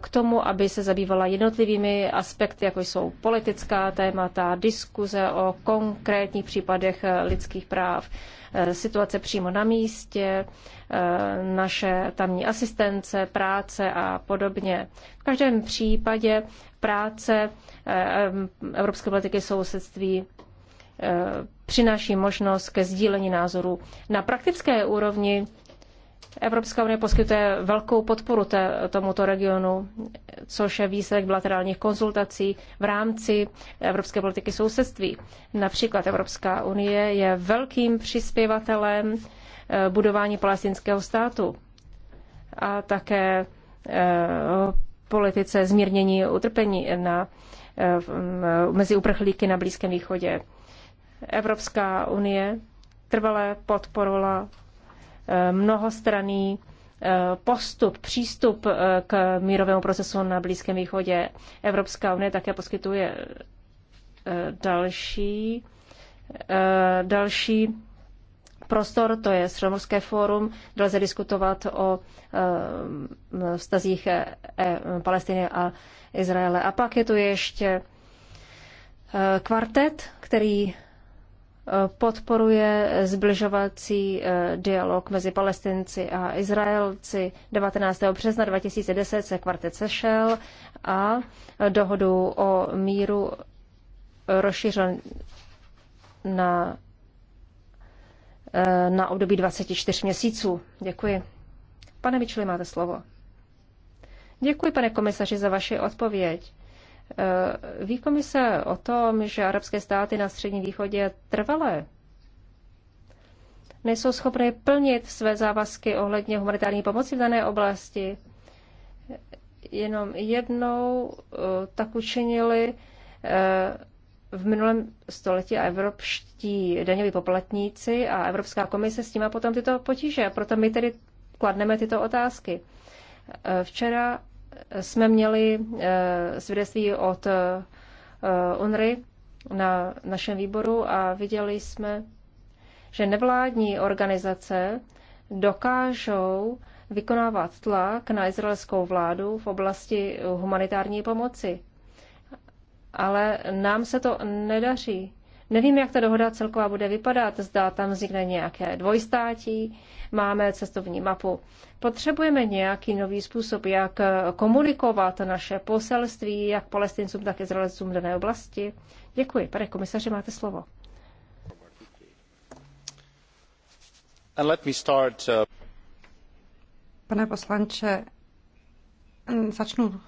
k tomu, aby se zabývala jednotlivými aspekty, jako jsou politická témata, diskuze o konkrétních případech lidských práv, eh, situace přímo na místě, eh, naše tamní asistence, práce a podobně. V každém případě práce eh, Evropské politiky sousedství přináší možnost ke sdílení názoru na praktické úrovni Evropská unie poskytuje velkou podporu té, tomuto regionu, což je výsledek bilaterálních konzultací v rámci evropské politiky sousedství. Například Evropská unie je velkým přispěvatelem eh, budování palestinského státu a také eh, politice zmírnění utrpení na, eh, mezi uprchlíky na Blízkém východě. Evropská unie trvale podporovala mnohostraný eh, postup, přístup eh, k mírovému procesu na Blízkém východě. Evropská unie také poskytuje eh, další, další prostor, to je Sromorské fórum, kde lze diskutovat o vztazích Palestiny a Izraele. A pak je tu ještě kvartet, který podporuje zbližovací eh, dialog mezi palestinci a Izraelci. 19. března 2010 se kvartet sešel a dohodu o míru rozšířil na, eh, na období 24 měsíců. Děkuji. Pane Mičli, máte slovo. Děkuji, pane komisaři, za vaši odpověď. Ví komise o tom, že arabské státy na Středním východě trvalé nejsou schopné plnit své závazky ohledně humanitární pomoci v dané oblasti. Jenom jednou eh, tak učinili eh, v minulém století a evropští daňoví poplatníci a Evropská komise s tím a potom tyto potíže. Proto my tedy kladneme tyto otázky. Eh, včera jsme měli eh, svědectví od eh, UNRY na našem výboru a viděli jsme, že nevládní organizace dokážou vykonávat tlak na izraelskou vládu v oblasti humanitární pomoci. Ale nám se to nedaří. Nevím, jak ta dohoda celková bude vypadat, zda tam vznikne nějaké dvojstátí, máme cestovní mapu. Potřebujeme nějaký nový způsob, jak komunikovat naše poselství, jak palestincům, tak izraelcům dané oblasti. Děkuji. Pane komisaři, máte slovo. And let me start, uh... Pane poslanče, začnu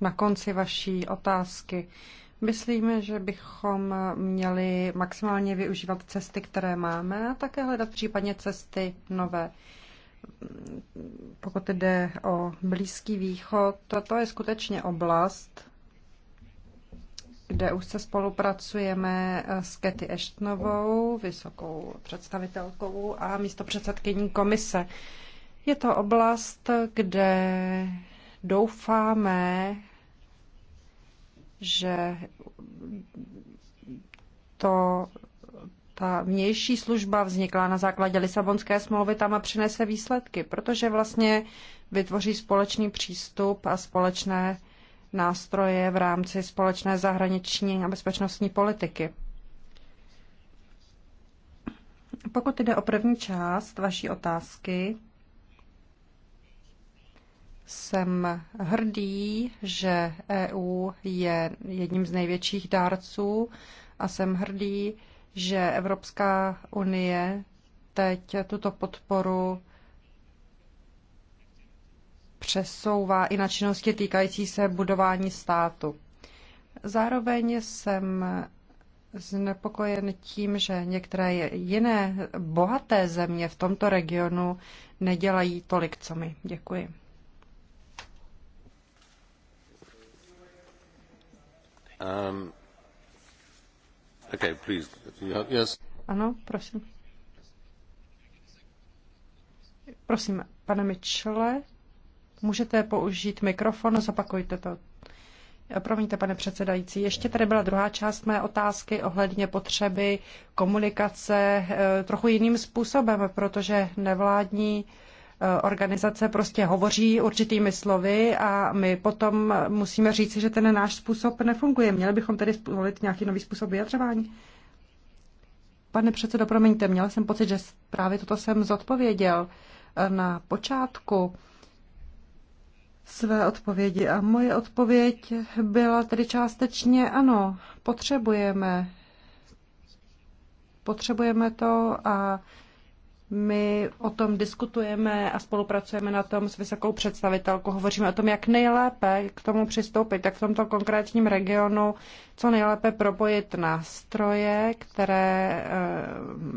na konci vaší otázky. Myslím, že bychom měli maximálně využívat cesty, které máme a také hledat případně cesty nové. Pokud jde o Blízký východ, toto je skutečně oblast, kde už se spolupracujeme s Kety Eštnovou, vysokou představitelkou a místopředsedkyní komise. Je to oblast, kde doufáme, že to ta vnější služba vznikla na základě Lisabonské smlouvy, tam a přinese výsledky, protože vlastně vytvoří společný přístup a společné nástroje v rámci společné zahraniční a bezpečnostní politiky. Pokud jde o první část vaší otázky, jsem hrdý, že EU je jedním z největších dárců a jsem hrdý, že Evropská unie teď tuto podporu přesouvá i na činnosti týkající se budování státu. Zároveň jsem znepokojen tím, že některé jiné bohaté země v tomto regionu nedělají tolik, co my. Děkuji. Um, ano, prosím. Prosím, pane Mitchelle, můžete použít mikrofon, zopakujte to. Eh, promiňte, pane předsedající, ještě tady byla druhá část mé otázky ohledně potřeby komunikace eh, trochu jiným způsobem, protože nevládní uh, Eh, organizace prostě hovoří určitými slovy a my potom musíme říci, že ten náš způsob nefunguje. Měli bychom tedy zvolit nějaký nový způsob vyjadřování? Pane předsedo, promiňte, měla jsem pocit, že právě toto jsem zodpověděl eh, na počátku své odpovědi. A moje odpověď byla tedy částečně ano, potřebujeme. Potřebujeme to a my o tom diskutujeme a spolupracujeme na tom s vysokou představitelkou. Hovoříme o tom, jak nejlépe k tomu přistoupit, Tak v tomto konkrétním regionu co nejlépe propojit nástroje, které eh,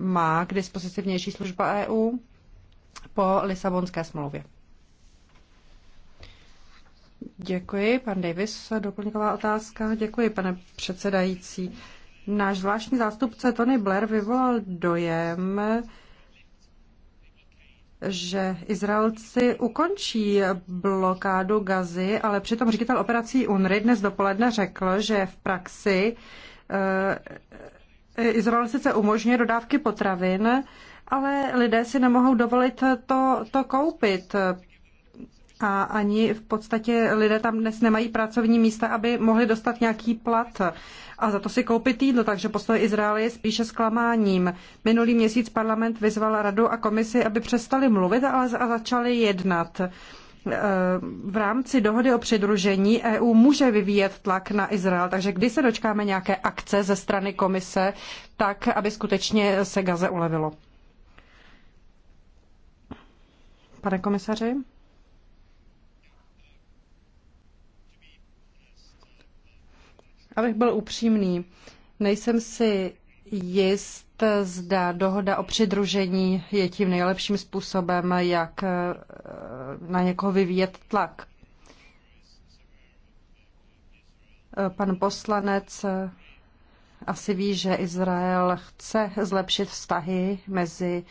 má k dispozici vnější služba EU po Lisabonské smlouvě. Děkuji, pan Davis, doplňková otázka. Děkuji, pane předsedající. Náš zvláštní zástupce Tony Blair vyvolal dojem, že Izraelci ukončí blokádu Gazy, ale přitom ředitel operací UNRY dnes dopoledne řekl, že v praxi eh, Izrael sice umožňuje dodávky potravin, ale lidé si nemohou dovolit to, to koupit a ani v podstatě lidé tam dnes nemají pracovní místa, aby mohli dostat nějaký plat a za to si koupit jídlo, takže postoj Izraele je spíše zklamáním. Minulý měsíc parlament vyzval radu a komisi, aby přestali mluvit ale a začali jednat. E, v rámci dohody o přidružení EU může vyvíjet tlak na Izrael, takže kdy se dočkáme nějaké akce ze strany komise, tak aby skutečně se Gaze ulevilo? Pane komisaři? Abych byl upřímný, nejsem si jist, zda dohoda o přidružení je tím nejlepším způsobem, jak eh, na někoho vyvíjet tlak. Eh, pan poslanec eh, asi ví, že Izrael chce zlepšit vztahy mezi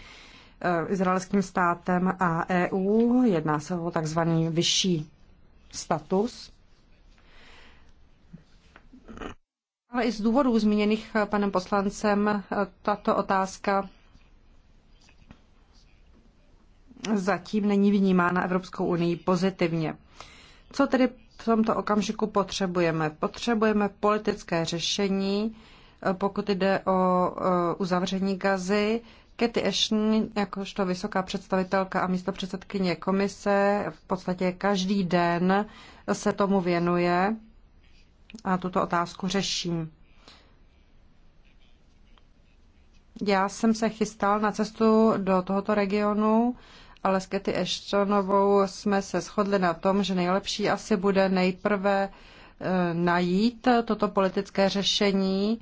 izraelským státem a EU. Jedná se o takzvaný vyšší status. Ale i z důvodů zmíněných eh, panem poslancem eh, tato otázka zatím není vnímána Evropskou unii pozitivně. Co tedy v tomto okamžiku potřebujeme? Potřebujeme politické řešení, eh, pokud jde o uzavření gazy. Katie Ashton, jakožto vysoká představitelka a místo předsedkyně komise, v podstatě každý den se tomu věnuje a tuto otázku řeším. Já jsem se chystal na cestu do tohoto regionu, ale s Kety Eštonovou jsme se shodli na tom, že nejlepší asi bude nejprve eh, najít toto politické řešení,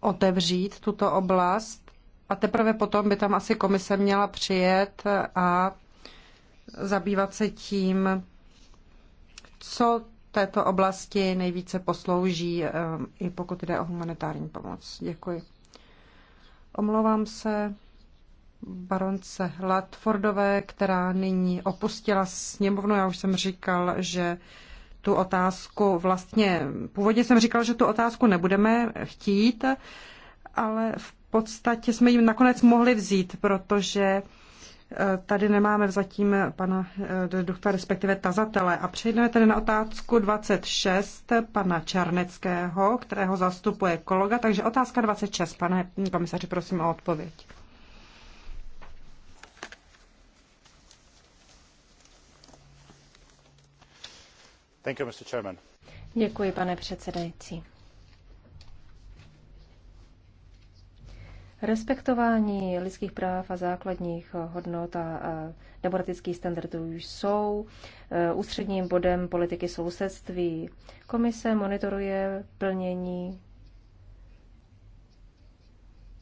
otevřít tuto oblast a teprve potom by tam asi komise měla přijet a zabývat se tím, co této oblasti nejvíce poslouží, eh, i pokud jde o humanitární pomoc. Děkuji. Omlouvám se baronce Latfordové, která nyní opustila sněmovnu. Já už jsem říkal, že tu otázku vlastně, původně jsem říkal, že tu otázku nebudeme chtít, ale v podstatě jsme jim nakonec mohli vzít, protože Tady nemáme zatím pana eh, doktora, respektive tazatele. A přejdeme tedy na otázku 26 pana Čarneckého, kterého zastupuje kolega. Takže otázka 26, pane komisaři, prosím o odpověď. Děkuji, pane předsedající. Respektování lidských práv a základních hodnot a, demokratických standardů jsou e, ústředním bodem politiky sousedství. Komise monitoruje plnění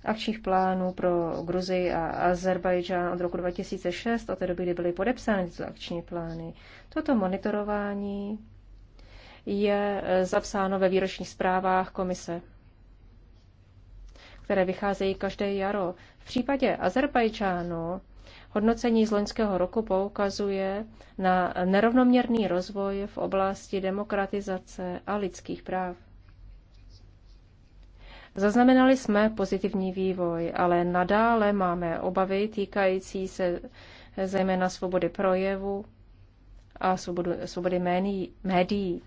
akčních plánů pro Gruzii a Azerbajdžán od roku 2006, od té doby, kdy byly podepsány tyto akční plány. Toto monitorování je e, zapsáno ve výročních zprávách komise které vycházejí každé jaro. V případě Azerbajdžánu hodnocení z loňského roku poukazuje na nerovnoměrný rozvoj v oblasti demokratizace a lidských práv. Zaznamenali jsme pozitivní vývoj, ale nadále máme obavy týkající se zejména svobody projevu a svobody, svobody médií. médií.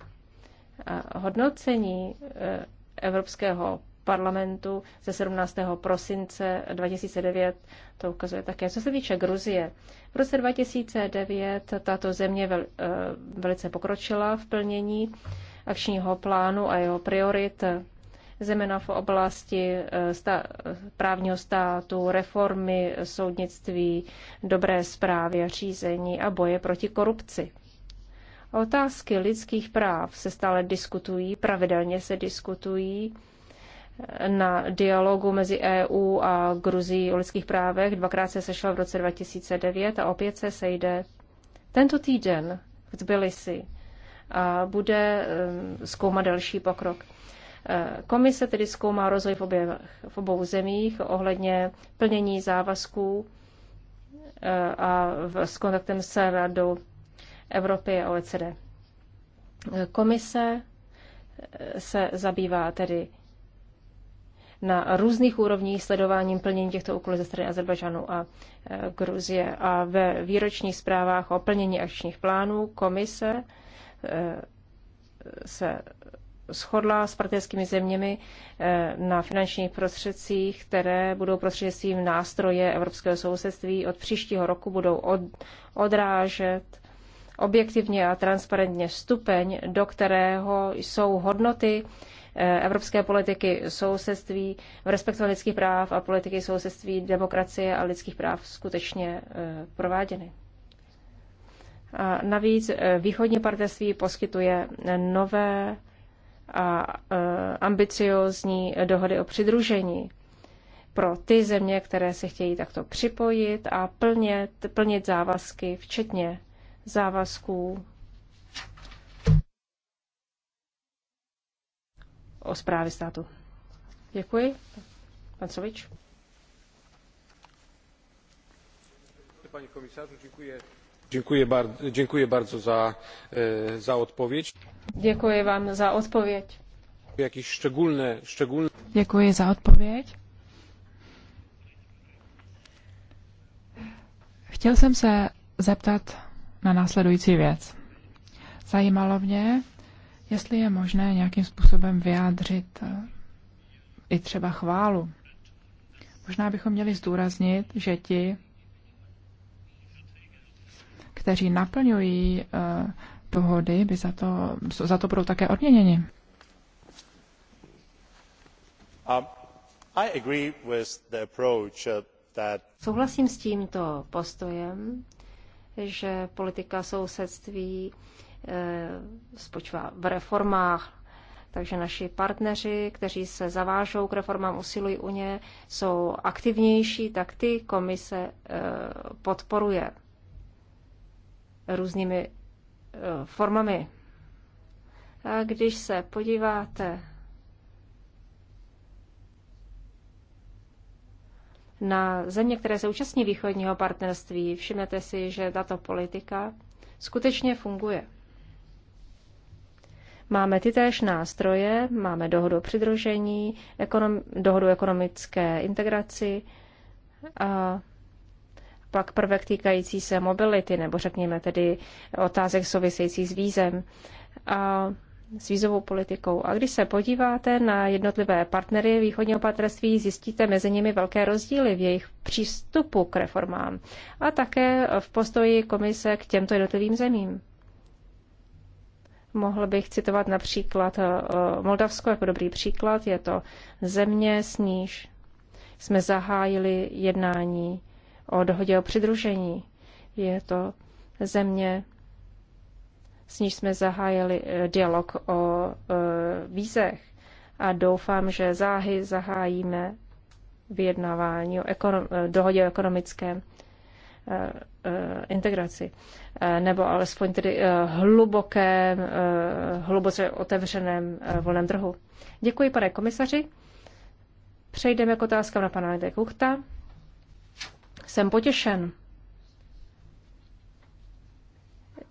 A hodnocení eh, Evropského parlamentu ze 17. prosince 2009 to ukazuje také. Co se týče Gruzie, v roce 2009 tato země vel, eh, velice pokročila v plnění akčního plánu a jeho priorit, zejména v oblasti eh, stá, právního státu, reformy soudnictví, dobré zprávy a řízení a boje proti korupci. Otázky lidských práv se stále diskutují, pravidelně se diskutují na dialogu mezi EU a Gruzí o lidských právech. Dvakrát se sešla v roce 2009 a opět se sejde tento týden v Tbilisi a bude eh, zkoumat další pokrok. Eh, komise tedy zkoumá rozvoj v, obě, v obou zemích ohledně plnění závazků eh, a v, s kontaktem s Radou Evropy a OECD. Komise se zabývá tedy na různých úrovních sledováním plnění těchto úkolů ze strany Azerbajdžánu a eh, Gruzie. A ve výročních zprávách o plnění akčních plánů komise eh, se shodla s partnerskými zeměmi eh, na finančních prostředcích, které budou prostřednictvím nástroje evropského sousedství od příštího roku budou od, odrážet objektivně a transparentně stupeň, do kterého jsou hodnoty Eh, evropské politiky sousedství, respektu lidských práv a politiky sousedství, demokracie a lidských práv skutečně eh, prováděny. A navíc eh, východní partnerství poskytuje nové a ambiciozní dohody o přidružení pro ty země, které se chtějí takto připojit a plnit, plnit závazky, včetně závazků o zprávy státu. Děkuji. Pan Sovič. Panie komisarzu, dziękuję. Dziękuję, bar dziękuję bardzo za, e, za odpowiedź. Dziękuję wam za odpowiedź. Jakieś szczególne, szczególne... Dziękuję za odpowiedź. Chtěl się se zeptat na następującą rzecz. Zajímalo mnie, jestli je možné nějakým způsobem vyjádřit eh, i třeba chválu. Možná bychom měli zdůraznit, že ti, kteří naplňují eh, dohody, by za to, za to budou také odměněni. Um, uh, Souhlasím s tímto postojem, že politika sousedství Eh, spočívá v reformách. Takže naši partneři, kteří se zavážou k reformám, usilují u ně, jsou aktivnější, tak ty komise eh, podporuje různými eh, formami. A když se podíváte na země, které se účastní východního partnerství, všimnete si, že tato politika skutečně funguje. Máme ty též nástroje, máme dohodu o přidružení, ekonom, dohodu o ekonomické integraci a pak prvek týkající se mobility, nebo řekněme tedy otázek související s vízem a s vízovou politikou. A když se podíváte na jednotlivé partnery východního partnerství, zjistíte mezi nimi velké rozdíly v jejich přístupu k reformám a také v postoji komise k těmto jednotlivým zemím. Mohl bych citovat například eh, eh, Moldavsko jako dobrý příklad. Je to země, s níž jsme zahájili jednání o dohodě o přidružení. Je to země, s níž jsme zahájili eh, dialog o vízech a doufám, že záhy zahájíme vyjednávání o dohodě o ekonomickém Eh, eh, integraci, eh, nebo alespoň tedy hlubokém, hluboce otevřeném volném trhu. Děkuji, pane komisaři. Přejdeme k otázkám na pana Lidé Kuchta. Jsem potěšen,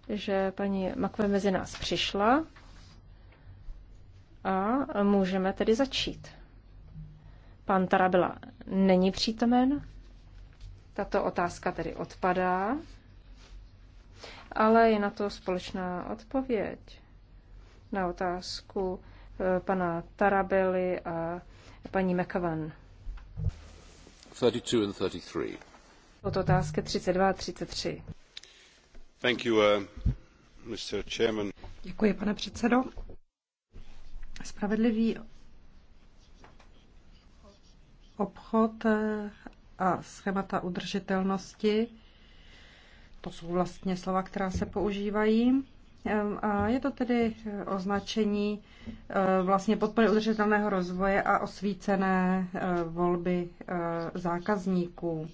že paní Makve mezi nás přišla a můžeme tedy začít. Pan Tarabila není přítomen. Tato otázka tedy odpadá, ale je na to společná odpověď na otázku eh, pana Tarabely a paní McAvan. 32 and 33. Od otázky 32 a 33. Thank you, uh, Mr. Děkuji, pane předsedo. Spravedlivý obchod eh, a schémata udržitelnosti. To jsou vlastně slova, která se používají. Ehm, a je to tedy eh, označení eh, vlastně podpory udržitelného rozvoje a osvícené eh, volby zákazníků.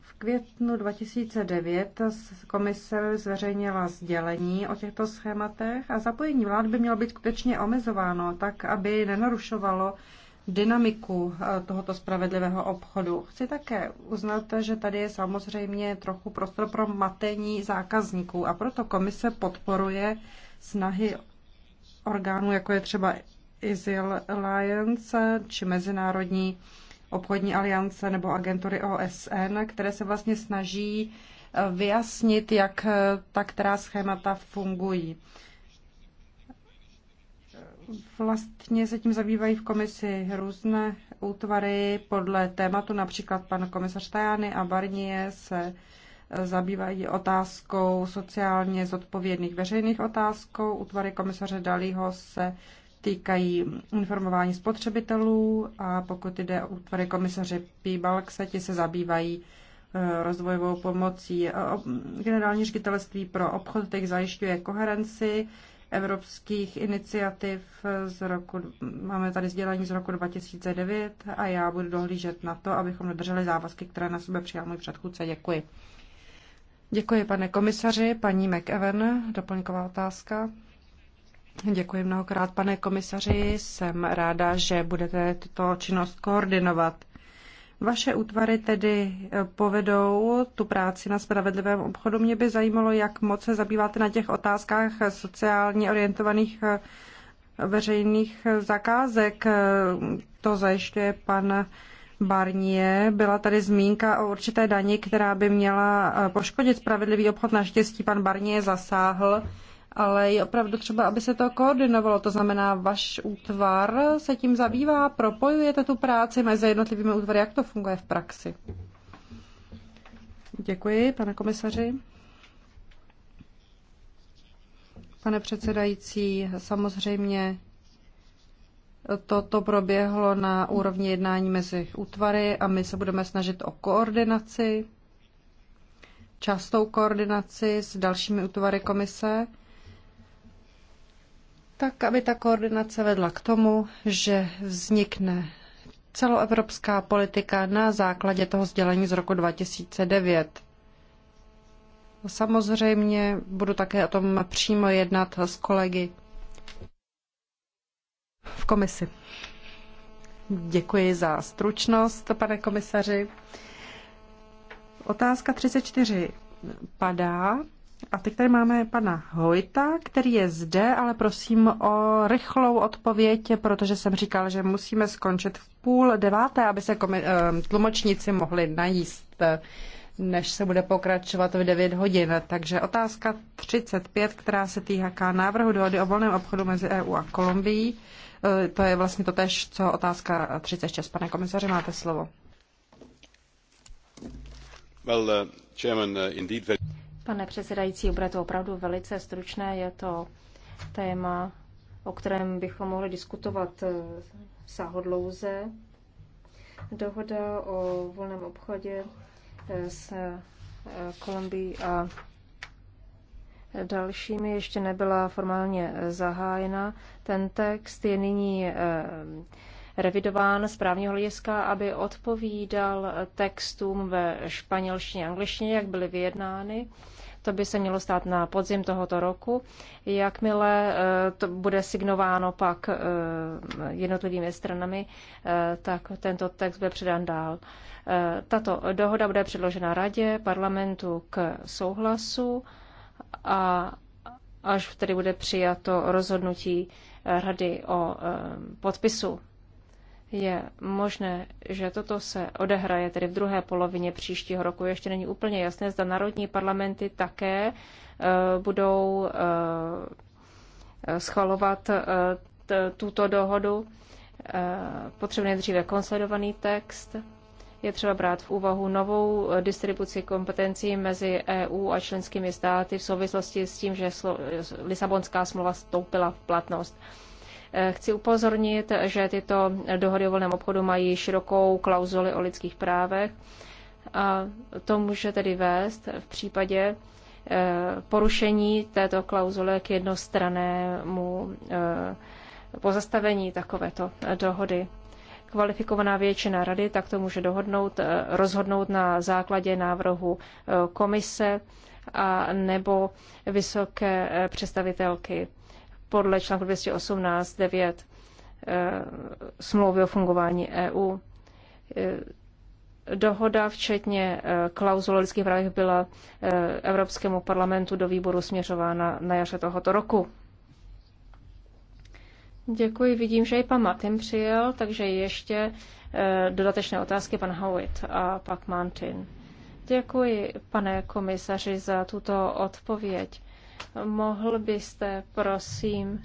V květnu 2009 komise zveřejnila sdělení o těchto schématech a zapojení vlád by mělo být skutečně omezováno tak, aby nenarušovalo dynamiku eh, tohoto spravedlivého obchodu. Chci také uznat, že tady je samozřejmě trochu prostor pro matení zákazníků a proto komise podporuje snahy orgánů, jako je třeba Isil Alliance či Mezinárodní obchodní aliance nebo agentury OSN, které se vlastně snaží eh, vyjasnit, jak eh, ta která schémata fungují. Vlastně se tím zabývají v komisi různé útvary podle tématu, například pan komisař Tajany a Barnie se zabývají otázkou sociálně zodpovědných veřejných otázkou. Útvary komisaře Dalího se týkají informování spotřebitelů a pokud jde o útvary komisaře se ti se zabývají eh, rozvojovou pomocí. Eh, generální ředitelství pro obchod teď zajišťuje koherenci evropských iniciativ z roku, máme tady sdělení z roku 2009 a já budu dohlížet na to, abychom dodrželi závazky, které na sebe přijal můj předchůdce. Děkuji. Děkuji, pane komisaři. Paní McEwen, doplňková otázka. Děkuji mnohokrát, pane komisaři. Jsem ráda, že budete tuto činnost koordinovat. Vaše útvary tedy eh, povedou tu práci na spravedlivém obchodu. Mě by zajímalo, jak moc se zabýváte na těch otázkách sociálně orientovaných eh, veřejných eh, zakázek. To zajišťuje pan Barnier. Byla tady zmínka o určité dani, která by měla poškodit spravedlivý obchod. Naštěstí pan Barnier zasáhl ale je opravdu třeba, aby se to koordinovalo. To znamená, vaš útvar se tím zabývá, propojujete tu práci mezi jednotlivými útvary. Jak to funguje v praxi? Děkuji, pane komisaři. Pane předsedající, samozřejmě toto proběhlo na úrovni jednání mezi útvary a my se budeme snažit o koordinaci, častou koordinaci s dalšími útvary komise tak aby ta koordinace vedla k tomu, že vznikne celoevropská politika na základě toho sdělení z roku 2009. Samozřejmě budu také o tom přímo jednat s kolegy v komisi. Děkuji za stručnost, pane komisaři. Otázka 34 padá. A teď tady máme pana Hojta, který je zde, ale prosím o rychlou odpověď, protože jsem říkal, že musíme skončit v půl deváté, aby se komi- eh, tlumočníci mohli najíst, než se bude pokračovat v 9 hodin. Takže otázka 35, která se týká návrhu dohody o volném obchodu mezi EU a Kolumbií. Eh, to je vlastně to tež, co otázka 36. Pane komisaři, máte slovo. Well, uh, chairman, uh, indeed... Pane předsedající, bude to opravdu velice stručné. Je to téma, o kterém bychom mohli diskutovat eh, sáhodlouze. Dohoda o volném obchodě eh, s eh, Kolumbií a dalšími ještě nebyla formálně zahájena. Ten text je nyní revidován z právního hlediska, aby odpovídal textům ve španělštině a angličtině, jak byly vyjednány. To by se mělo stát na podzim tohoto roku. Jakmile eh, to bude signováno pak eh, jednotlivými stranami, eh, tak tento text bude předán dál. Tato dohoda bude předložena radě, parlamentu k souhlasu a až tedy bude přijato rozhodnutí rady o podpisu je možné, že toto se odehraje tedy v druhé polovině příštího roku. Ještě není úplně jasné, zda národní parlamenty také uh, budou uh, schvalovat uh, tuto dohodu. Uh, potřebuje dříve konsolidovaný text. Je třeba brát v úvahu novou distribuci kompetencí mezi EU a členskými státy v souvislosti s tím, že Lisabonská smlouva stoupila v platnost. Uh, Chci upozornit, že tyto dohody o volném obchodu mají širokou klauzuli o lidských právech a to může tedy vést v případě eh, porušení této klauzule k jednostranému eh, pozastavení takovéto dohody. Kvalifikovaná většina rady takto může dohodnout, eh, rozhodnout na základě návrhu komise a nebo vysoké představitelky podle článku 9 eh, smlouvy o fungování EU. Eh, dohoda, včetně eh, klauzule o lidských právech, byla Evropskému parlamentu do výboru směřována na jaře tohoto roku. Děkuji, vidím, že i pan Martin přijel, takže ještě dodatečné otázky pan Howitt a pak Martin. Děkuji, pane komisaři, za tuto odpověď. Mohl byste, prosím,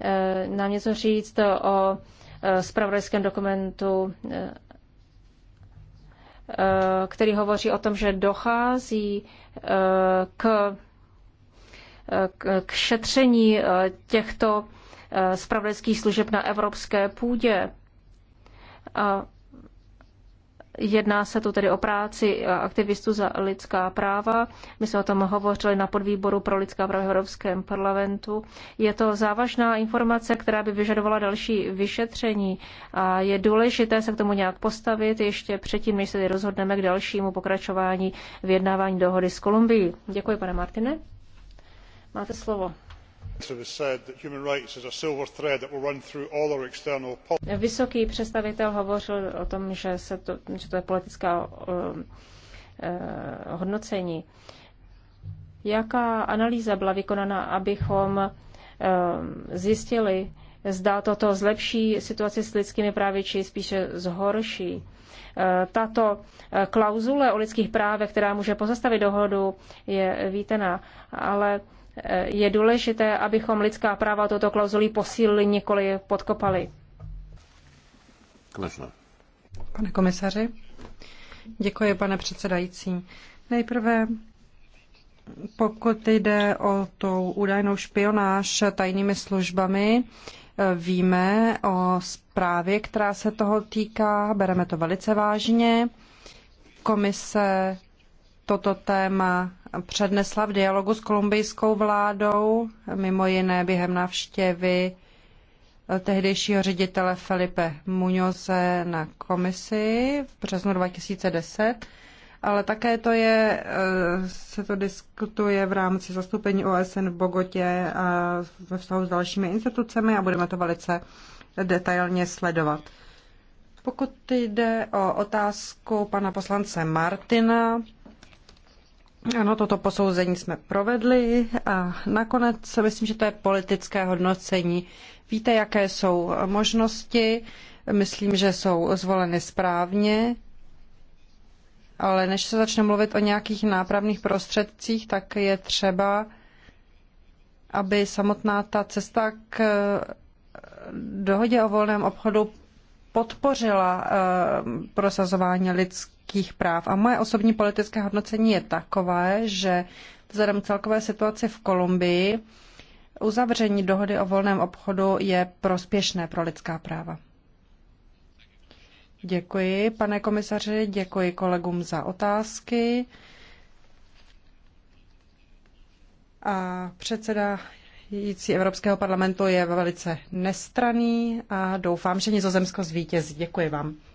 eh, nám něco říct o spravodajském eh, dokumentu, eh, který hovoří o tom, že dochází k, k šetření těchto spravodajských služeb na evropské půdě. A Jedná se tu tedy o práci aktivistů za lidská práva. My jsme o tom hovořili na podvýboru pro lidská práva v Evropském parlamentu. Je to závažná informace, která by vyžadovala další vyšetření a je důležité se k tomu nějak postavit ještě předtím, než se tedy rozhodneme k dalšímu pokračování vyjednávání dohody s Kolumbií. Děkuji, pane Martine. Máte slovo. Vysoký představitel hovořil o tom, že, se to, že to je politická uh, hodnocení. Jaká analýza byla vykonána, abychom e, zjistili, zda toto zlepší situaci s lidskými právy, či spíše zhorší? E, tato klauzule o lidských právech, která může pozastavit dohodu, je vítená, ale Eh, je důležité, abychom lidská práva toto klauzulí posílili, nikoli podkopali. Konečná. Pane komisaři, děkuji, pane předsedající. Nejprve pokud jde o tou údajnou špionáž tajnými službami, eh, víme o zprávě, která se toho týká, bereme to velice vážně. Komise toto téma přednesla v dialogu s kolumbijskou vládou, mimo jiné během návštěvy tehdejšího ředitele Felipe Muñoze na komisi v březnu 2010, ale také to je, eh, se to diskutuje v rámci zastoupení OSN v Bogotě a ve vztahu s dalšími institucemi a budeme to velice detailně sledovat. Pokud jde o otázku pana poslance Martina, ano, toto posouzení jsme provedli a nakonec myslím, že to je politické hodnocení. Víte, jaké jsou možnosti, myslím, že jsou zvoleny správně, ale než se začne mluvit o nějakých nápravných prostředcích, tak je třeba, aby samotná ta cesta k eh, dohodě o volném obchodu podpořila eh, prosazování lidských lidských práv. A moje osobní politické hodnocení je takové, že vzhledem celkové situaci v Kolumbii uzavření dohody o volném obchodu je prospěšné pro lidská práva. Děkuji, pane komisaři, děkuji kolegům za otázky. A předseda jící Evropského parlamentu je velice nestraný a doufám, že Nizozemsko zvítězí. Děkuji vám.